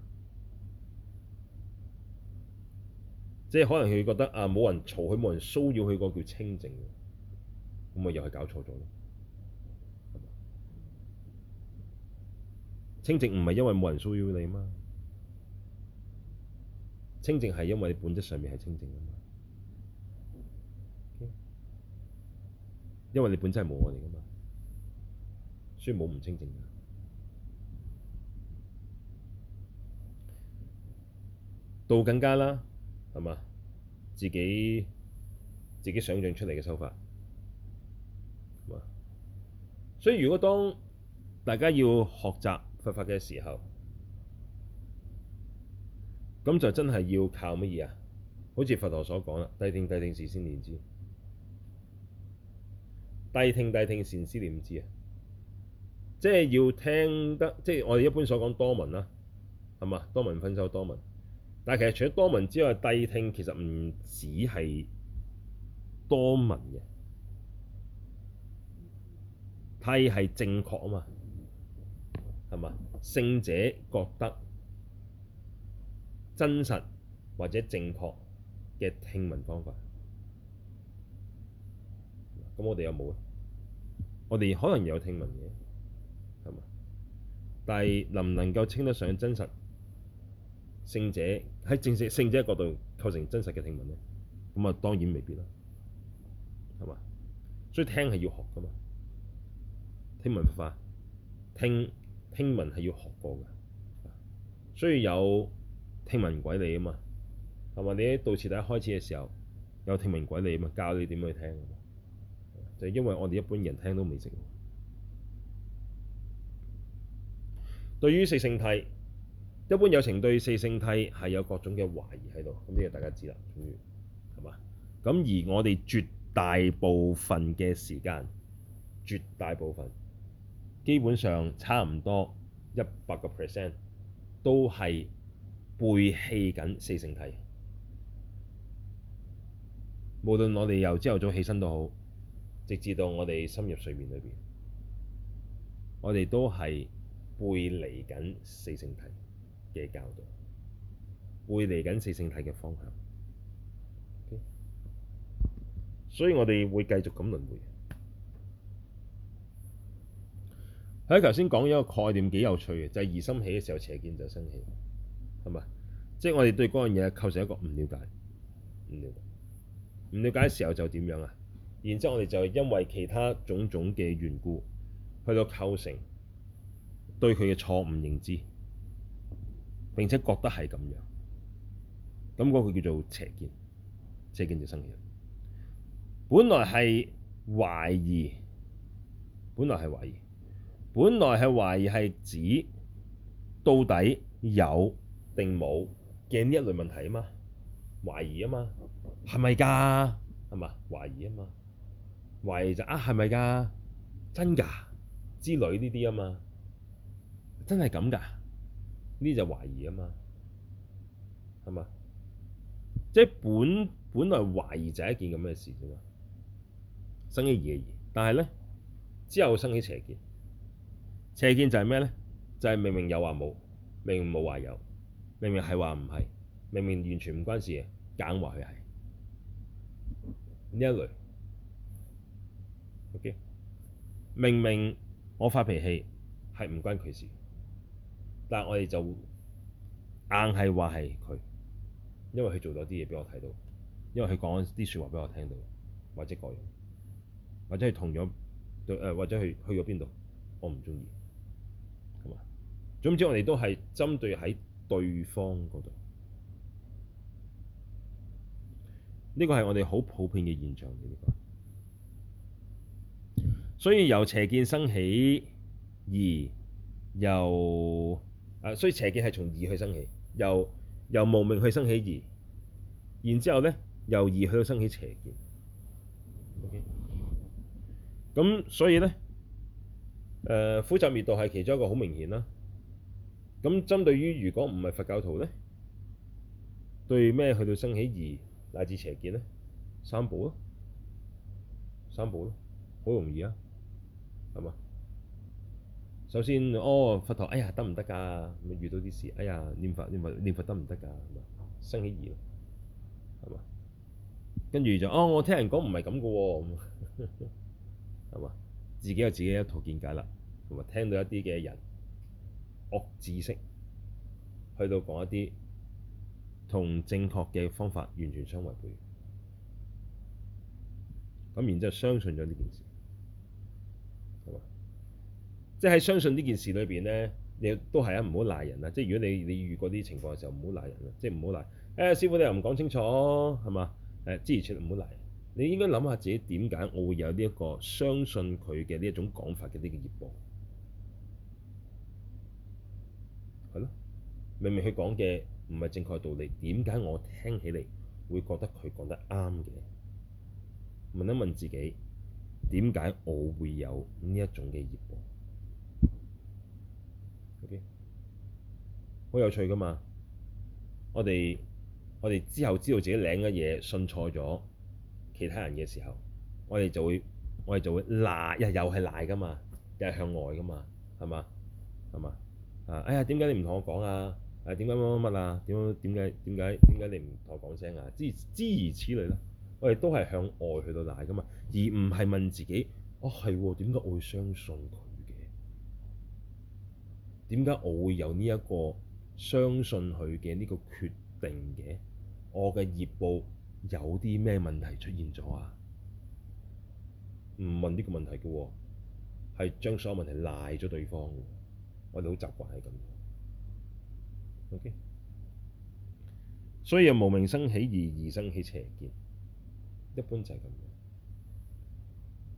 即係可能佢覺得啊，冇人嘈佢，冇人騷擾佢，嗰叫清靜。咁咪又係搞錯咗咯。清靜唔係因為冇人騷擾你啊嘛，清靜係因為你本質上面係清靜㗎嘛。因為你本質係冇我哋㗎嘛，所以冇唔清靜㗎。到更加啦。係嘛？自己自己想像出嚟嘅修法，所以如果當大家要學習佛法嘅時候，咁就真係要靠乜嘢啊？好似佛陀所講啦，諦聽諦聽善思念之，諦聽諦聽善思念之啊！即係要聽得，即係我哋一般所講多聞啦，係嘛？多聞分手多聞，但其實除咗多聞之外，諦聽其實唔止係多聞嘅，諦係正確啊嘛，係嘛？聖者覺得真實或者正確嘅聽聞方法，咁我哋有冇啊？我哋可能有聽聞嘅，係嘛？但係能唔能夠稱得上真實？聖者喺正式聖者角度構成真實嘅聽聞咧，咁啊當然未必啦，係嘛？所以聽係要學噶嘛，聽聞法，聽聽聞係要學過嘅，所以有聽聞軌理啊嘛，係嘛？你喺道次第一開始嘅時候有聽聞軌理啊嘛，教你點樣去聽，就係、因為我哋一般人聽都未識。對於四聖諦。一般有情對四聖諦係有各種嘅懷疑喺度，咁呢個大家知啦，終於，係嘛？咁而我哋絕大部分嘅時間，絕大部分基本上差唔多一百個 percent 都係背棄緊四聖諦。無論我哋由朝頭早起身都好，直至到我哋深入睡眠裏邊，我哋都係背離緊四聖諦。嘅教導會嚟緊四聖諦嘅方向，okay? 所以我哋會繼續咁輪迴。喺頭先講咗一個概念幾有趣嘅，就係、是、疑心起嘅時候邪見就生起，係咪？即、就、係、是、我哋對嗰樣嘢構成一個唔了解，唔了解，唔了解嘅時候就點樣啊？然之後我哋就因為其他種種嘅緣故，去到構成對佢嘅錯誤認知。並且覺得係咁樣，咁嗰句叫做邪見，邪見就生起。本來係懷疑，本來係懷疑，本來係懷疑係指到底有定冇嘅呢一類問題啊嘛？懷疑啊嘛，係咪㗎？係嘛，懷疑啊嘛，懷疑就啊係咪㗎？真㗎之類呢啲啊嘛，真係咁㗎？呢啲就懷疑啊嘛，係嘛？即係本本來懷疑就係一件咁嘅事啫嘛，生起疑嘅疑。但係咧，之後生起邪見，邪見就係咩咧？就係明明有話冇，明明冇話有，明明係話唔係，明明完全唔關事嘅，揀話佢係呢一類。OK，明明我發脾氣係唔關佢事。但我哋就硬係話係佢，因為佢做咗啲嘢俾我睇到，因為佢講啲説話俾我聽到，或者樣，或者佢同咗對誒，或者佢去咗邊度，我唔中意。咁啊，總之我哋都係針對喺對方嗰度，呢個係我哋好普遍嘅現象嘅。呢個。所以由邪見生起而由。啊，所以邪見係從疑去生起，由由無明去生起疑，然之後咧由疑去到生起邪見。O.K. 咁所以咧，誒，苦集滅道係其中一個好明顯啦。咁針對於如果唔係佛教徒咧，對咩去到生起疑乃至邪見咧，三寶咯，三寶咯，好容易啊，係嘛？首先，哦，佛陀，哎呀，得唔得㗎？咪遇到啲事，哎呀，念佛，念佛，念佛得唔得㗎？生起疑咯，係嘛？跟住就，哦，我聽人講唔係咁嘅喎，係嘛？自己有自己一套見解啦，同埋聽到一啲嘅人惡知識，去到講一啲同正確嘅方法完全相違背，咁然之後相信咗呢件事。即係相信呢件事裏邊呢，你都係啊，唔好賴人啊！即係如果你你遇過啲情況嘅時候，唔好賴人啊，即係唔好賴誒。師傅你又唔講清楚係嘛？誒，支持出嚟唔好賴。你應該諗下自己點解我會有呢一個相信佢嘅呢一種講法嘅呢個業報係咯？明明佢講嘅唔係正確道理，點解我聽起嚟會覺得佢講得啱嘅？問一問自己點解我會有呢一種嘅業報？好有趣噶嘛！我哋我哋之後知道自己領嘅嘢信錯咗，其他人嘅時候，我哋就會我哋就會賴，又又係賴噶嘛，又係向外噶嘛，係嘛係嘛啊！哎呀，點解你唔同我講啊？誒，點解乜乜乜啦？點樣點解點解點解你唔同我講聲啊？之之如此類啦，我哋都係向外去到賴噶嘛，而唔係問自己：哦係點解我會相信佢嘅？點解我會有呢一個？相信佢嘅呢個決定嘅，我嘅業報有啲咩問題出現咗啊？唔問呢個問題嘅喎，係將所有問題賴咗對方嘅。我哋好習慣係咁。OK，所以由無明生起而而生起邪見，一般就係咁。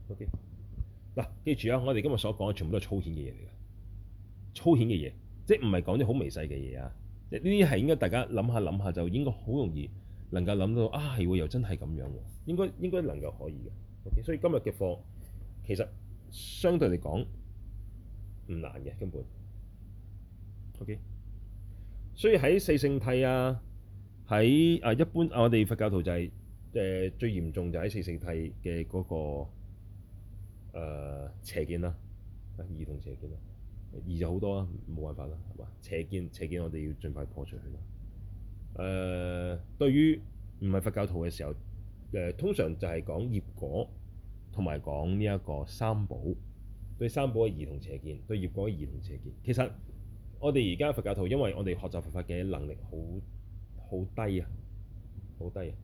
O K，嗱，記住啊，我哋今日所講嘅全部都係粗淺嘅嘢嚟㗎，粗淺嘅嘢。即係唔係講啲好微細嘅嘢啊？即呢啲係應該大家諗下諗下就應該好容易能夠諗到啊，係喎，又真係咁樣喎，應該應該能夠可以嘅。O.K. 所以今日嘅課其實相對嚟講唔難嘅根本。O.K. 所以喺四聖諦啊，喺誒一般啊，我哋佛教徒就係、是、誒、呃、最嚴重就喺四聖諦嘅嗰個、呃、邪見啦、啊，疑同邪見啦、啊。而就好多啊，冇辦法啦，係嘛，邪見邪見，見我哋要盡快破出去啦。誒、呃，對於唔係佛教徒嘅時候，誒、呃、通常就係講業果同埋講呢一個三寶。對三寶嘅兒童邪見，對業果嘅兒童邪見。其實我哋而家佛教徒，因為我哋學習佛法嘅能力好好低啊，好低啊。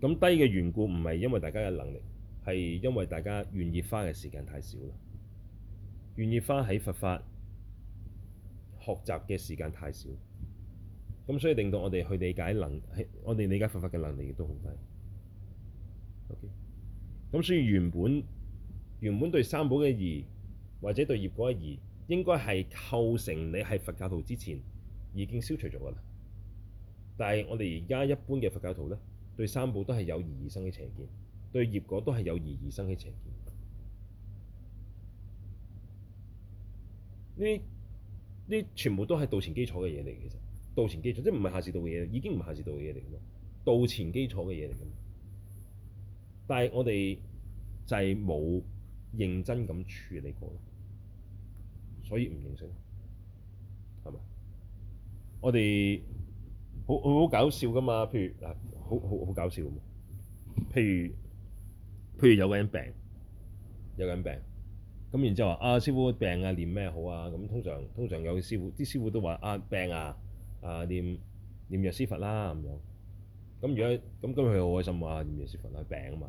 咁低嘅緣故唔係因為大家嘅能力，係因為大家願意花嘅時間太少啦。願意花喺佛法。學習嘅時間太少，咁所以令到我哋去理解能喺我哋理解佛法嘅能力亦都好低。O.K. 咁所以原本原本對三寶嘅疑，或者對業果嘅疑，應該係構成你係佛教徒之前已經消除咗㗎啦。但係我哋而家一般嘅佛教徒咧，對三寶都係有疑而生嘅邪見，對業果都係有疑而生嘅邪見。你？呢啲全部都係道前基礎嘅嘢嚟，其實道前基礎即係唔係下士道嘅嘢，已經唔係下士道嘅嘢嚟嘅咯。道前基礎嘅嘢嚟嘅嘛，但係我哋就係冇認真咁處理過咯，所以唔認識，係咪？我哋好好好搞笑噶嘛，譬如嗱，好好好搞笑，譬如譬如有個人病，有個人病。咁然之後，話啊，師傅病啊，念咩好啊？咁通常通常有師傅啲師傅都話啊，病啊，啊念念藥師佛啦，咁樣。咁如果咁今日佢好開心啊，念藥師佛，係病啊嘛。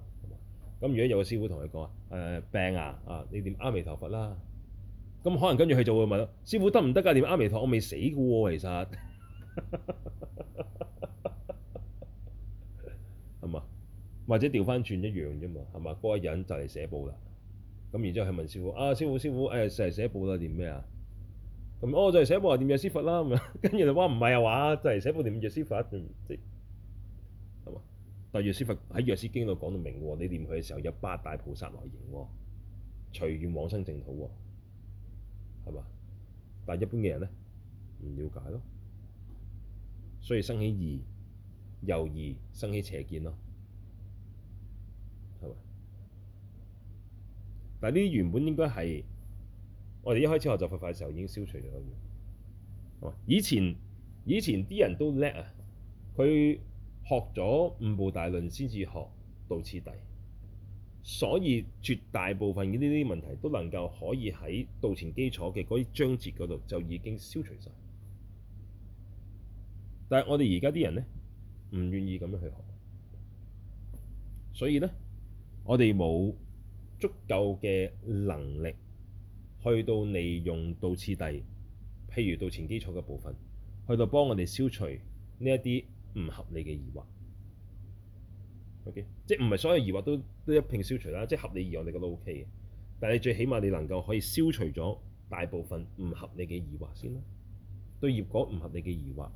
咁如果有個師傅同佢講啊，誒病啊，啊你念阿彌陀佛啦，咁可能跟住佢就會問師傅，得唔得㗎？念阿彌陀我未死㗎喎，其實係嘛，或者調翻轉一樣啫嘛，係嘛，嗰個人就嚟寫報啦。咁然之後係問師傅，啊師傅師傅，誒就係寫布啦，念咩啊？咁我就係寫布啊，念藥師佛啦咁樣。跟住就話唔係啊話，就係寫布念藥師佛。嗯，係嘛？但係藥師佛喺藥師經度講到明喎，你念佢嘅時候有八大菩薩來迎喎，隨願往生淨土喎，係嘛？但係一般嘅人咧唔了解咯，所以生起疑、又疑，生起邪見咯。但係，呢啲原本應該係我哋一開始學習佛法嘅時候已經消除咗嘅。以前以前啲人都叻啊，佢學咗五部大論先至學道次第，所以絕大部分嘅呢啲問題都能夠可以喺道前基礎嘅嗰啲章節嗰度就已經消除晒。但係我哋而家啲人咧唔願意咁樣去學，所以咧我哋冇足夠嘅能力去到利用到次第，譬如到前基礎嘅部分，去到幫我哋消除呢一啲唔合理嘅疑惑。OK，即係唔係所有疑惑都都一併消除啦？即係合理疑，我哋覺得 OK 嘅。但係你最起碼你能夠可以消除咗大部分唔合理嘅疑惑先啦。對業果唔合理嘅疑惑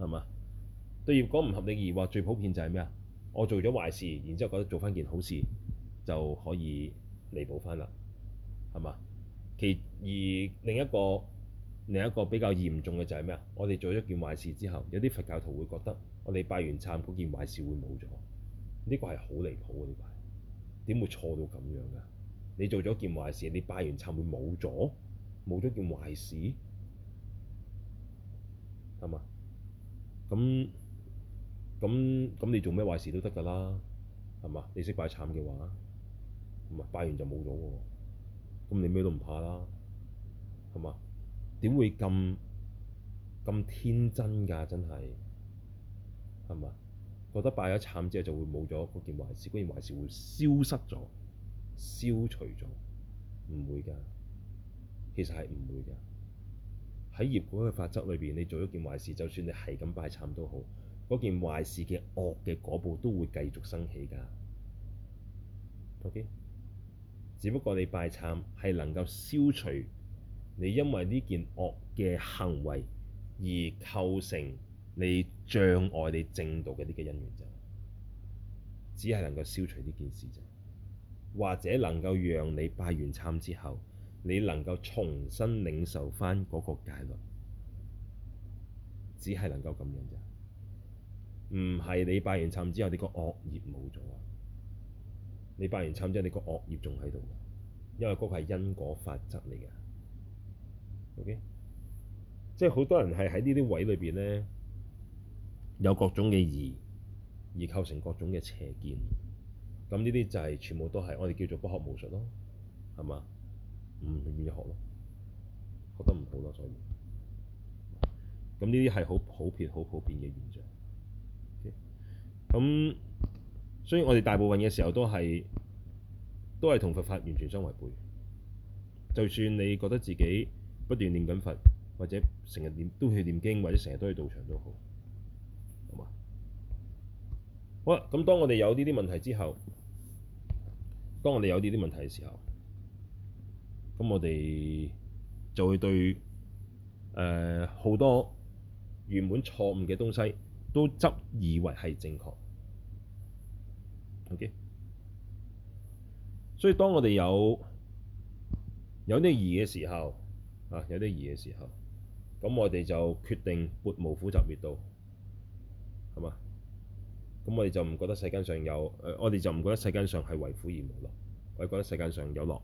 係嘛？對業果唔合理嘅疑惑最普遍就係咩啊？我做咗壞事，然之後覺得做翻件好事。就可以彌補翻啦，係嘛？其而另一個另一個比較嚴重嘅就係咩啊？我哋做咗件壞事之後，有啲佛教徒會覺得我哋拜完懺嗰件壞事會冇咗，呢、呢個係好離譜嘅，呢個係點會錯到咁樣㗎？你做咗件壞事，你拜完懺會冇咗，冇咗件壞事係嘛？咁咁咁，你做咩壞事都得㗎啦，係嘛？你識拜懺嘅話。唔係拜完就冇咗喎，咁你咩都唔怕啦，係嘛？點會咁咁天真㗎？真係係咪啊？覺得拜咗懺之後就會冇咗嗰件壞事，嗰件壞事會消失咗、消除咗，唔會㗎。其實係唔會㗎。喺業果嘅法則裏邊，你做咗件壞事，就算你係咁拜懺都好，嗰件壞事嘅惡嘅果報都會繼續生起㗎。OK。只不過你拜懺係能夠消除你因為呢件惡嘅行為而構成你障礙你正道嘅呢個因緣啫，只係能夠消除呢件事啫，或者能夠讓你拜完懺之後，你能夠重新領受返嗰個戒律，只係能夠咁樣啫，唔係你拜完懺之後你個惡業冇咗。你拜完參真，你個惡業仲喺度，因為嗰個係因果法則嚟嘅，OK？即係好多人係喺呢啲位裏邊咧，有各種嘅疑，而構成各種嘅邪見。咁呢啲就係、是、全部都係我哋叫做不學無術咯，係嘛？唔願意學咯，學得唔好咯，所以咁呢啲係好普遍、好普遍嘅現象。咁、OK？所以，我哋大部分嘅時候都係都係同佛法完全相違背。就算你覺得自己不斷念緊佛，或者成日念都去念經，或者成日都去道場都好，好嘛？好啦，咁當我哋有呢啲問題之後，當我哋有呢啲問題嘅時候，咁我哋就會對誒好、呃、多原本錯誤嘅東西都執以為係正確。Okay? 所以當我哋有有啲疑嘅時候，啊，有啲疑嘅時候，咁我哋就決定撥無苦集滅道，係嘛？咁我哋就唔覺得世間上有誒、呃，我哋就唔覺得世間上係為苦而無樂，我哋覺得世間上有樂。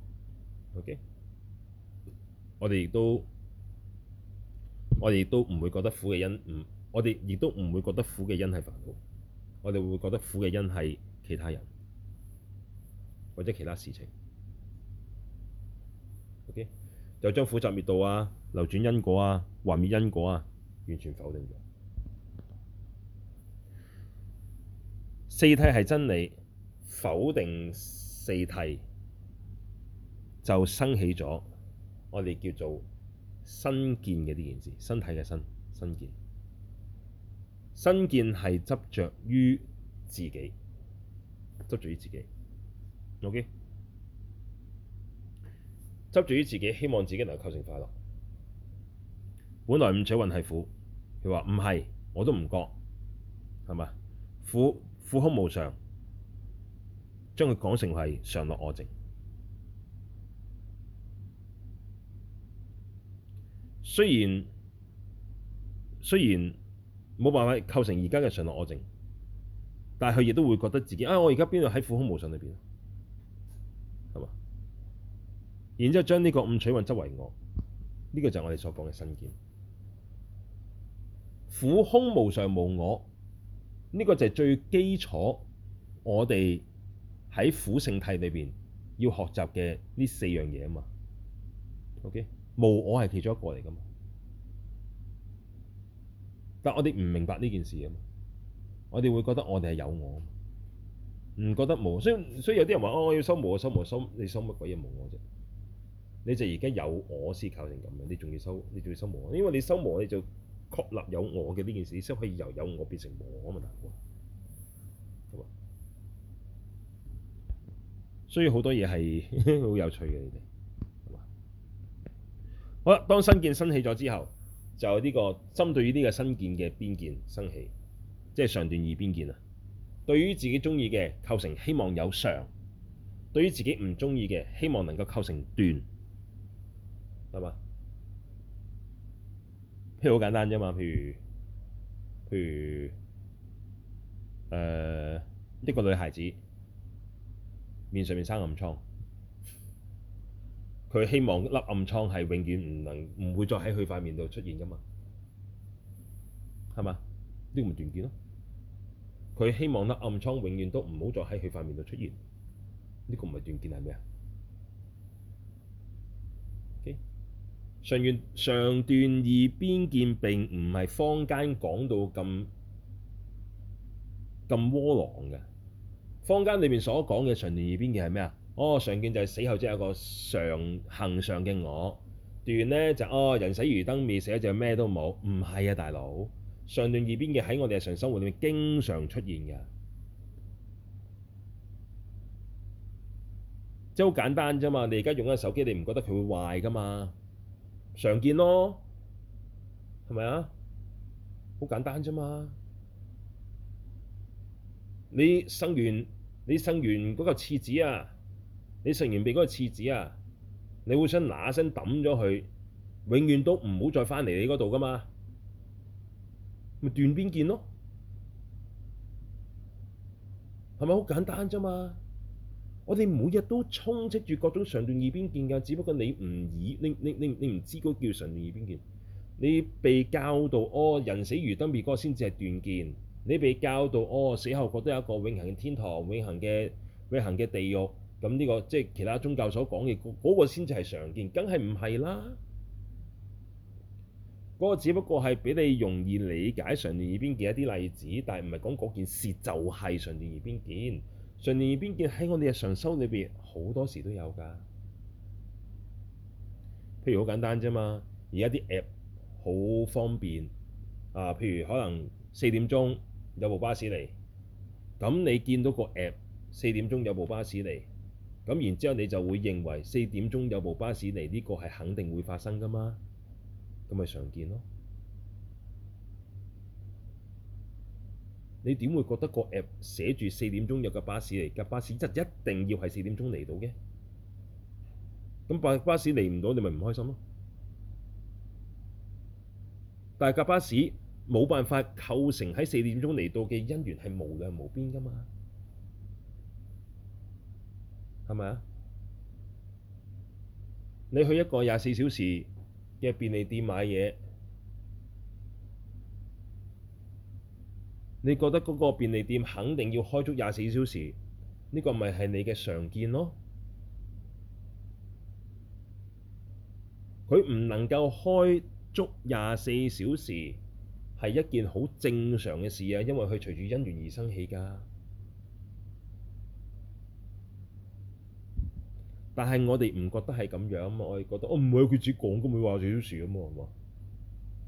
O.K.，我哋亦都我哋亦都唔會覺得苦嘅因唔，我哋亦都唔會覺得苦嘅因係煩惱，我哋會覺得苦嘅因係。其他人或者其他事情，OK 就將苦集滅道啊、流轉因果啊、還滅因果啊，完全否定咗四諦係真理，否定四諦就生起咗我哋叫做身見嘅呢件事，身體身身體嘅身身見身見係執着於自己。執住於自己，OK？執住於自己，希望自己能夠構成快樂。本來五取蘊係苦，佢話唔係，我都唔覺，係咪？苦，苦空無常，將佢講成係常樂我淨。雖然雖然冇辦法構成而家嘅常樂我淨。但係佢亦都會覺得自己啊，我而家邊度喺苦空無常裏邊啊，係嘛？然之後將呢個五取蘊執為我，呢、這個就係我哋所講嘅身見。苦空無常無我，呢、這個就係最基礎我哋喺苦聖諦裏邊要學習嘅呢四樣嘢啊嘛。OK，無我係其中一個嚟㗎嘛，但係我哋唔明白呢件事啊嘛。我哋會覺得我哋係有我，唔覺得冇。所以所以有啲人話：，哦，我要修無，修無修，你修乜鬼嘢冇我啫？你就而家有我思考成咁樣，你仲要修，你仲要修無？因為你修無，你就確立有我嘅呢件事，所以可以由有我變成冇我問題。所以好多嘢係好有趣嘅，你哋。好啦，當身見生起咗之後，就係、這、呢個針對呢個身見嘅邊見生起。即係上段二邊見啊？對於自己中意嘅構成，希望有常；對於自己唔中意嘅，希望能夠構成斷，係嘛？譬如好簡單啫嘛，譬如譬如誒一個女孩子面上面生暗瘡，佢希望粒暗瘡係永遠唔能唔會再喺佢塊面度出現噶嘛，係嘛？呢、這個咪斷見咯。佢希望粒暗瘡永遠都唔好再喺佢塊面度出現，呢個唔係斷見係咩啊？常斷邊常斷二邊見並唔係坊間講到咁咁窩囊嘅，坊間裏面所講嘅常斷二邊見係咩啊？哦，常見就係死後即係一個常恆常嘅我，斷呢就哦人死如燈滅，死咗就咩都冇，唔係啊，大佬。上段二邊嘅喺我哋日常生活裏面經常出現嘅，即係好簡單啫嘛。你而家用緊手機，你唔覺得佢會壞噶嘛？常見咯，係咪啊？好簡單啫嘛。你生完你生完嗰個廁紙啊，你食完畀嗰個廁紙啊，你會想嗱一聲抌咗佢，永遠都唔好再翻嚟你嗰度噶嘛？咪斷邊見咯？係咪好簡單啫嘛？我哋每日都充斥住各種常斷二邊見㗎，只不過你唔以你你你你唔知嗰叫常斷二邊見。你被教導哦，人死如燈滅嗰個先至係斷見；你被教導哦，死後覺得有一個永恆嘅天堂、永恆嘅永恆嘅地獄，咁呢個即係其他宗教所講嘅嗰個先至係常見，梗係唔係啦？嗰個只不過係俾你容易理解，常斷二邊見一啲例子，但係唔係講嗰件事就係常斷二邊見。常斷二邊見喺我哋日常修裏邊好多時都有㗎。譬如好簡單啫嘛，而家啲 app 好方便啊。譬如可能四點鐘有部巴士嚟，咁你見到個 app 四點鐘有部巴士嚟，咁然之後你就會認為四點鐘有部巴士嚟呢個係肯定會發生㗎嘛？咁咪常見咯？你點會覺得個 app 寫住四點鐘有架巴士嚟，架巴士就一定要係四點鐘嚟到嘅？咁架巴士嚟唔到，你咪唔開心咯？但係架巴士冇辦法構成喺四點鐘嚟到嘅因緣係無量無邊噶嘛？係咪啊？你去一個廿四小時。嘅便利店買嘢，你覺得嗰個便利店肯定要開足廿四小時，呢個咪係你嘅常見咯。佢唔能夠開足廿四小時係一件好正常嘅事啊，因為佢隨住因緣而生起㗎。但係我哋唔覺得係咁樣，我哋覺得哦唔會佢主講咁，唔會話少少事咁喎，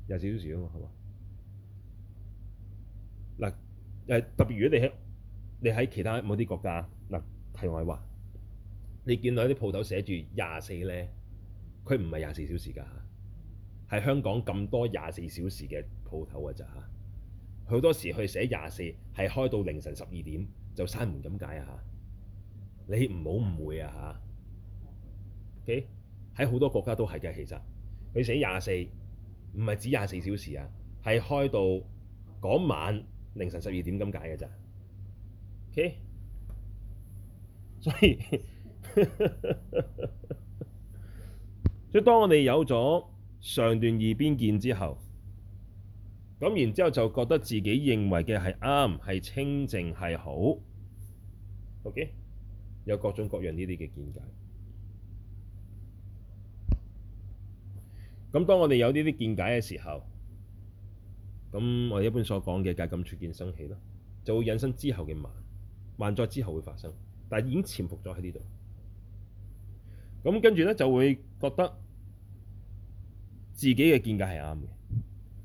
廿四小時啊嘛係嘛嗱誒？特別如果你喺你喺其他某啲國家嗱，題外話，你見到啲鋪頭寫住廿四咧，佢唔係廿四小時㗎嚇，係香港咁多廿四小時嘅鋪頭㗎咋嚇。好多時佢寫廿四係開到凌晨十二點就閂門咁解啊嚇，你唔好誤會啊嚇。Okay? 喺好多國家都係嘅，其實佢寫廿四唔係指廿四小時啊，係開到嗰晚凌晨十二點咁解嘅咋。Okay? 所以所 以當我哋有咗上段二邊見之後，咁然之後就覺得自己認為嘅係啱，係清淨，係好。O.K. 有各種各樣呢啲嘅見解。咁當我哋有呢啲見解嘅時候，咁我哋一般所講嘅戒禁取見生起啦，就會引生之後嘅慢，慢咗之後會發生，但係已經潛伏咗喺呢度。咁跟住咧就會覺得自己嘅見解係啱嘅，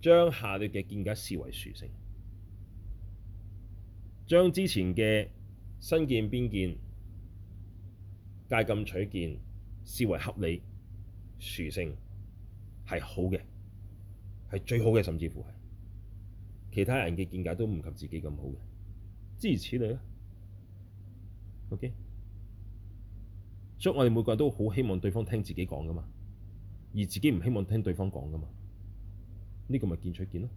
將下劣嘅見解視為殊勝，將之前嘅身見、邊見、戒禁取見視為合理殊勝。係好嘅，係最好嘅，甚至乎係其他人嘅見解都唔及自己咁好嘅。諸如此類啦，OK。所以我哋每個人都好希望對方聽自己講㗎嘛，而自己唔希望聽對方講㗎嘛。呢、這個咪見取見咯。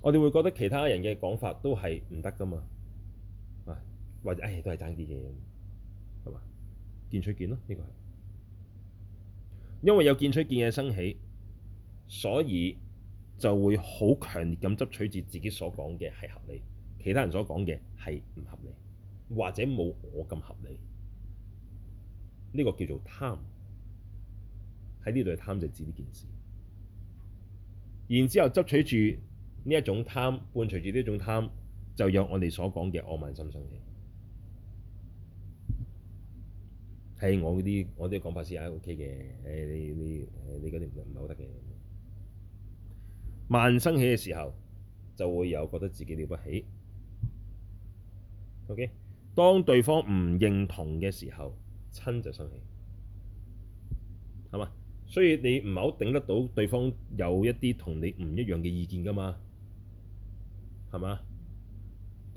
我哋會覺得其他人嘅講法都係唔得㗎嘛。或者誒、哎、都係爭啲嘅，係嘛？見取見咯，呢、呢個係因為有見取見嘅生起，所以就會好強烈咁執取住自己所講嘅係合理，其他人所講嘅係唔合理，或者冇我咁合理。呢、呢個叫做貪。喺呢度嘅貪就指呢件事，然之後執取住呢一種貪，伴隨住呢一種貪，就有我哋所講嘅傲慢心生起。係我嗰啲，我啲講法先係 OK 嘅。誒你你你嗰啲唔係好得嘅。慢生起嘅時候就會有覺得自己了不起。OK，當對方唔認同嘅時候，親就生起，係嘛？所以你唔係好頂得到對方有一啲同你唔一樣嘅意見㗎嘛？係嘛？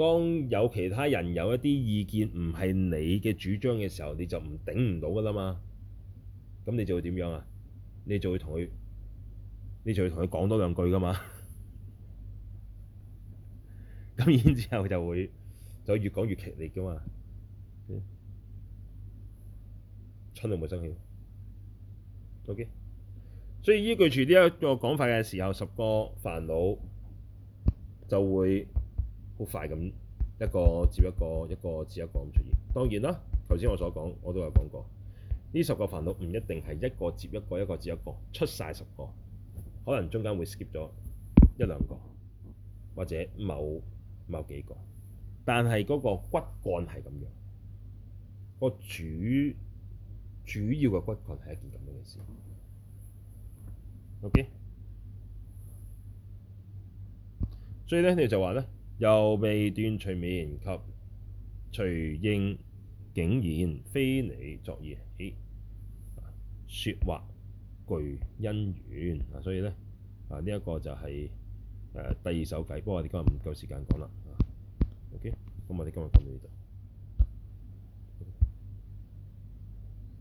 當有其他人有一啲意見唔係你嘅主張嘅時候，你就唔頂唔到噶啦嘛。咁你就會點樣啊？你就會同佢，你就會同佢講多兩句噶嘛。咁 然之後就會就越講越劇烈噶嘛。嗯，春到冇生氣。OK。所以依據住呢一個講法嘅時候，十個煩惱就會。好快咁一個接一個一個接一個咁出現。當然啦，頭先我所講我都有講過，呢十個煩惱唔一定係一個接一個一個接一個出晒十,十個，可能中間會 skip 咗一兩個或者某某幾個，但係嗰個骨幹係咁樣，個主主要嘅骨幹係一件咁樣嘅事。OK，所以咧你就話咧。由未斷隨眠及隨應境現非理作意起，說惑具因緣。啊，所以呢，啊呢一、這個就係、是、誒、啊、第二首偈。不過我哋今日唔夠時間講啦、啊。OK，咁我哋今日講到呢度。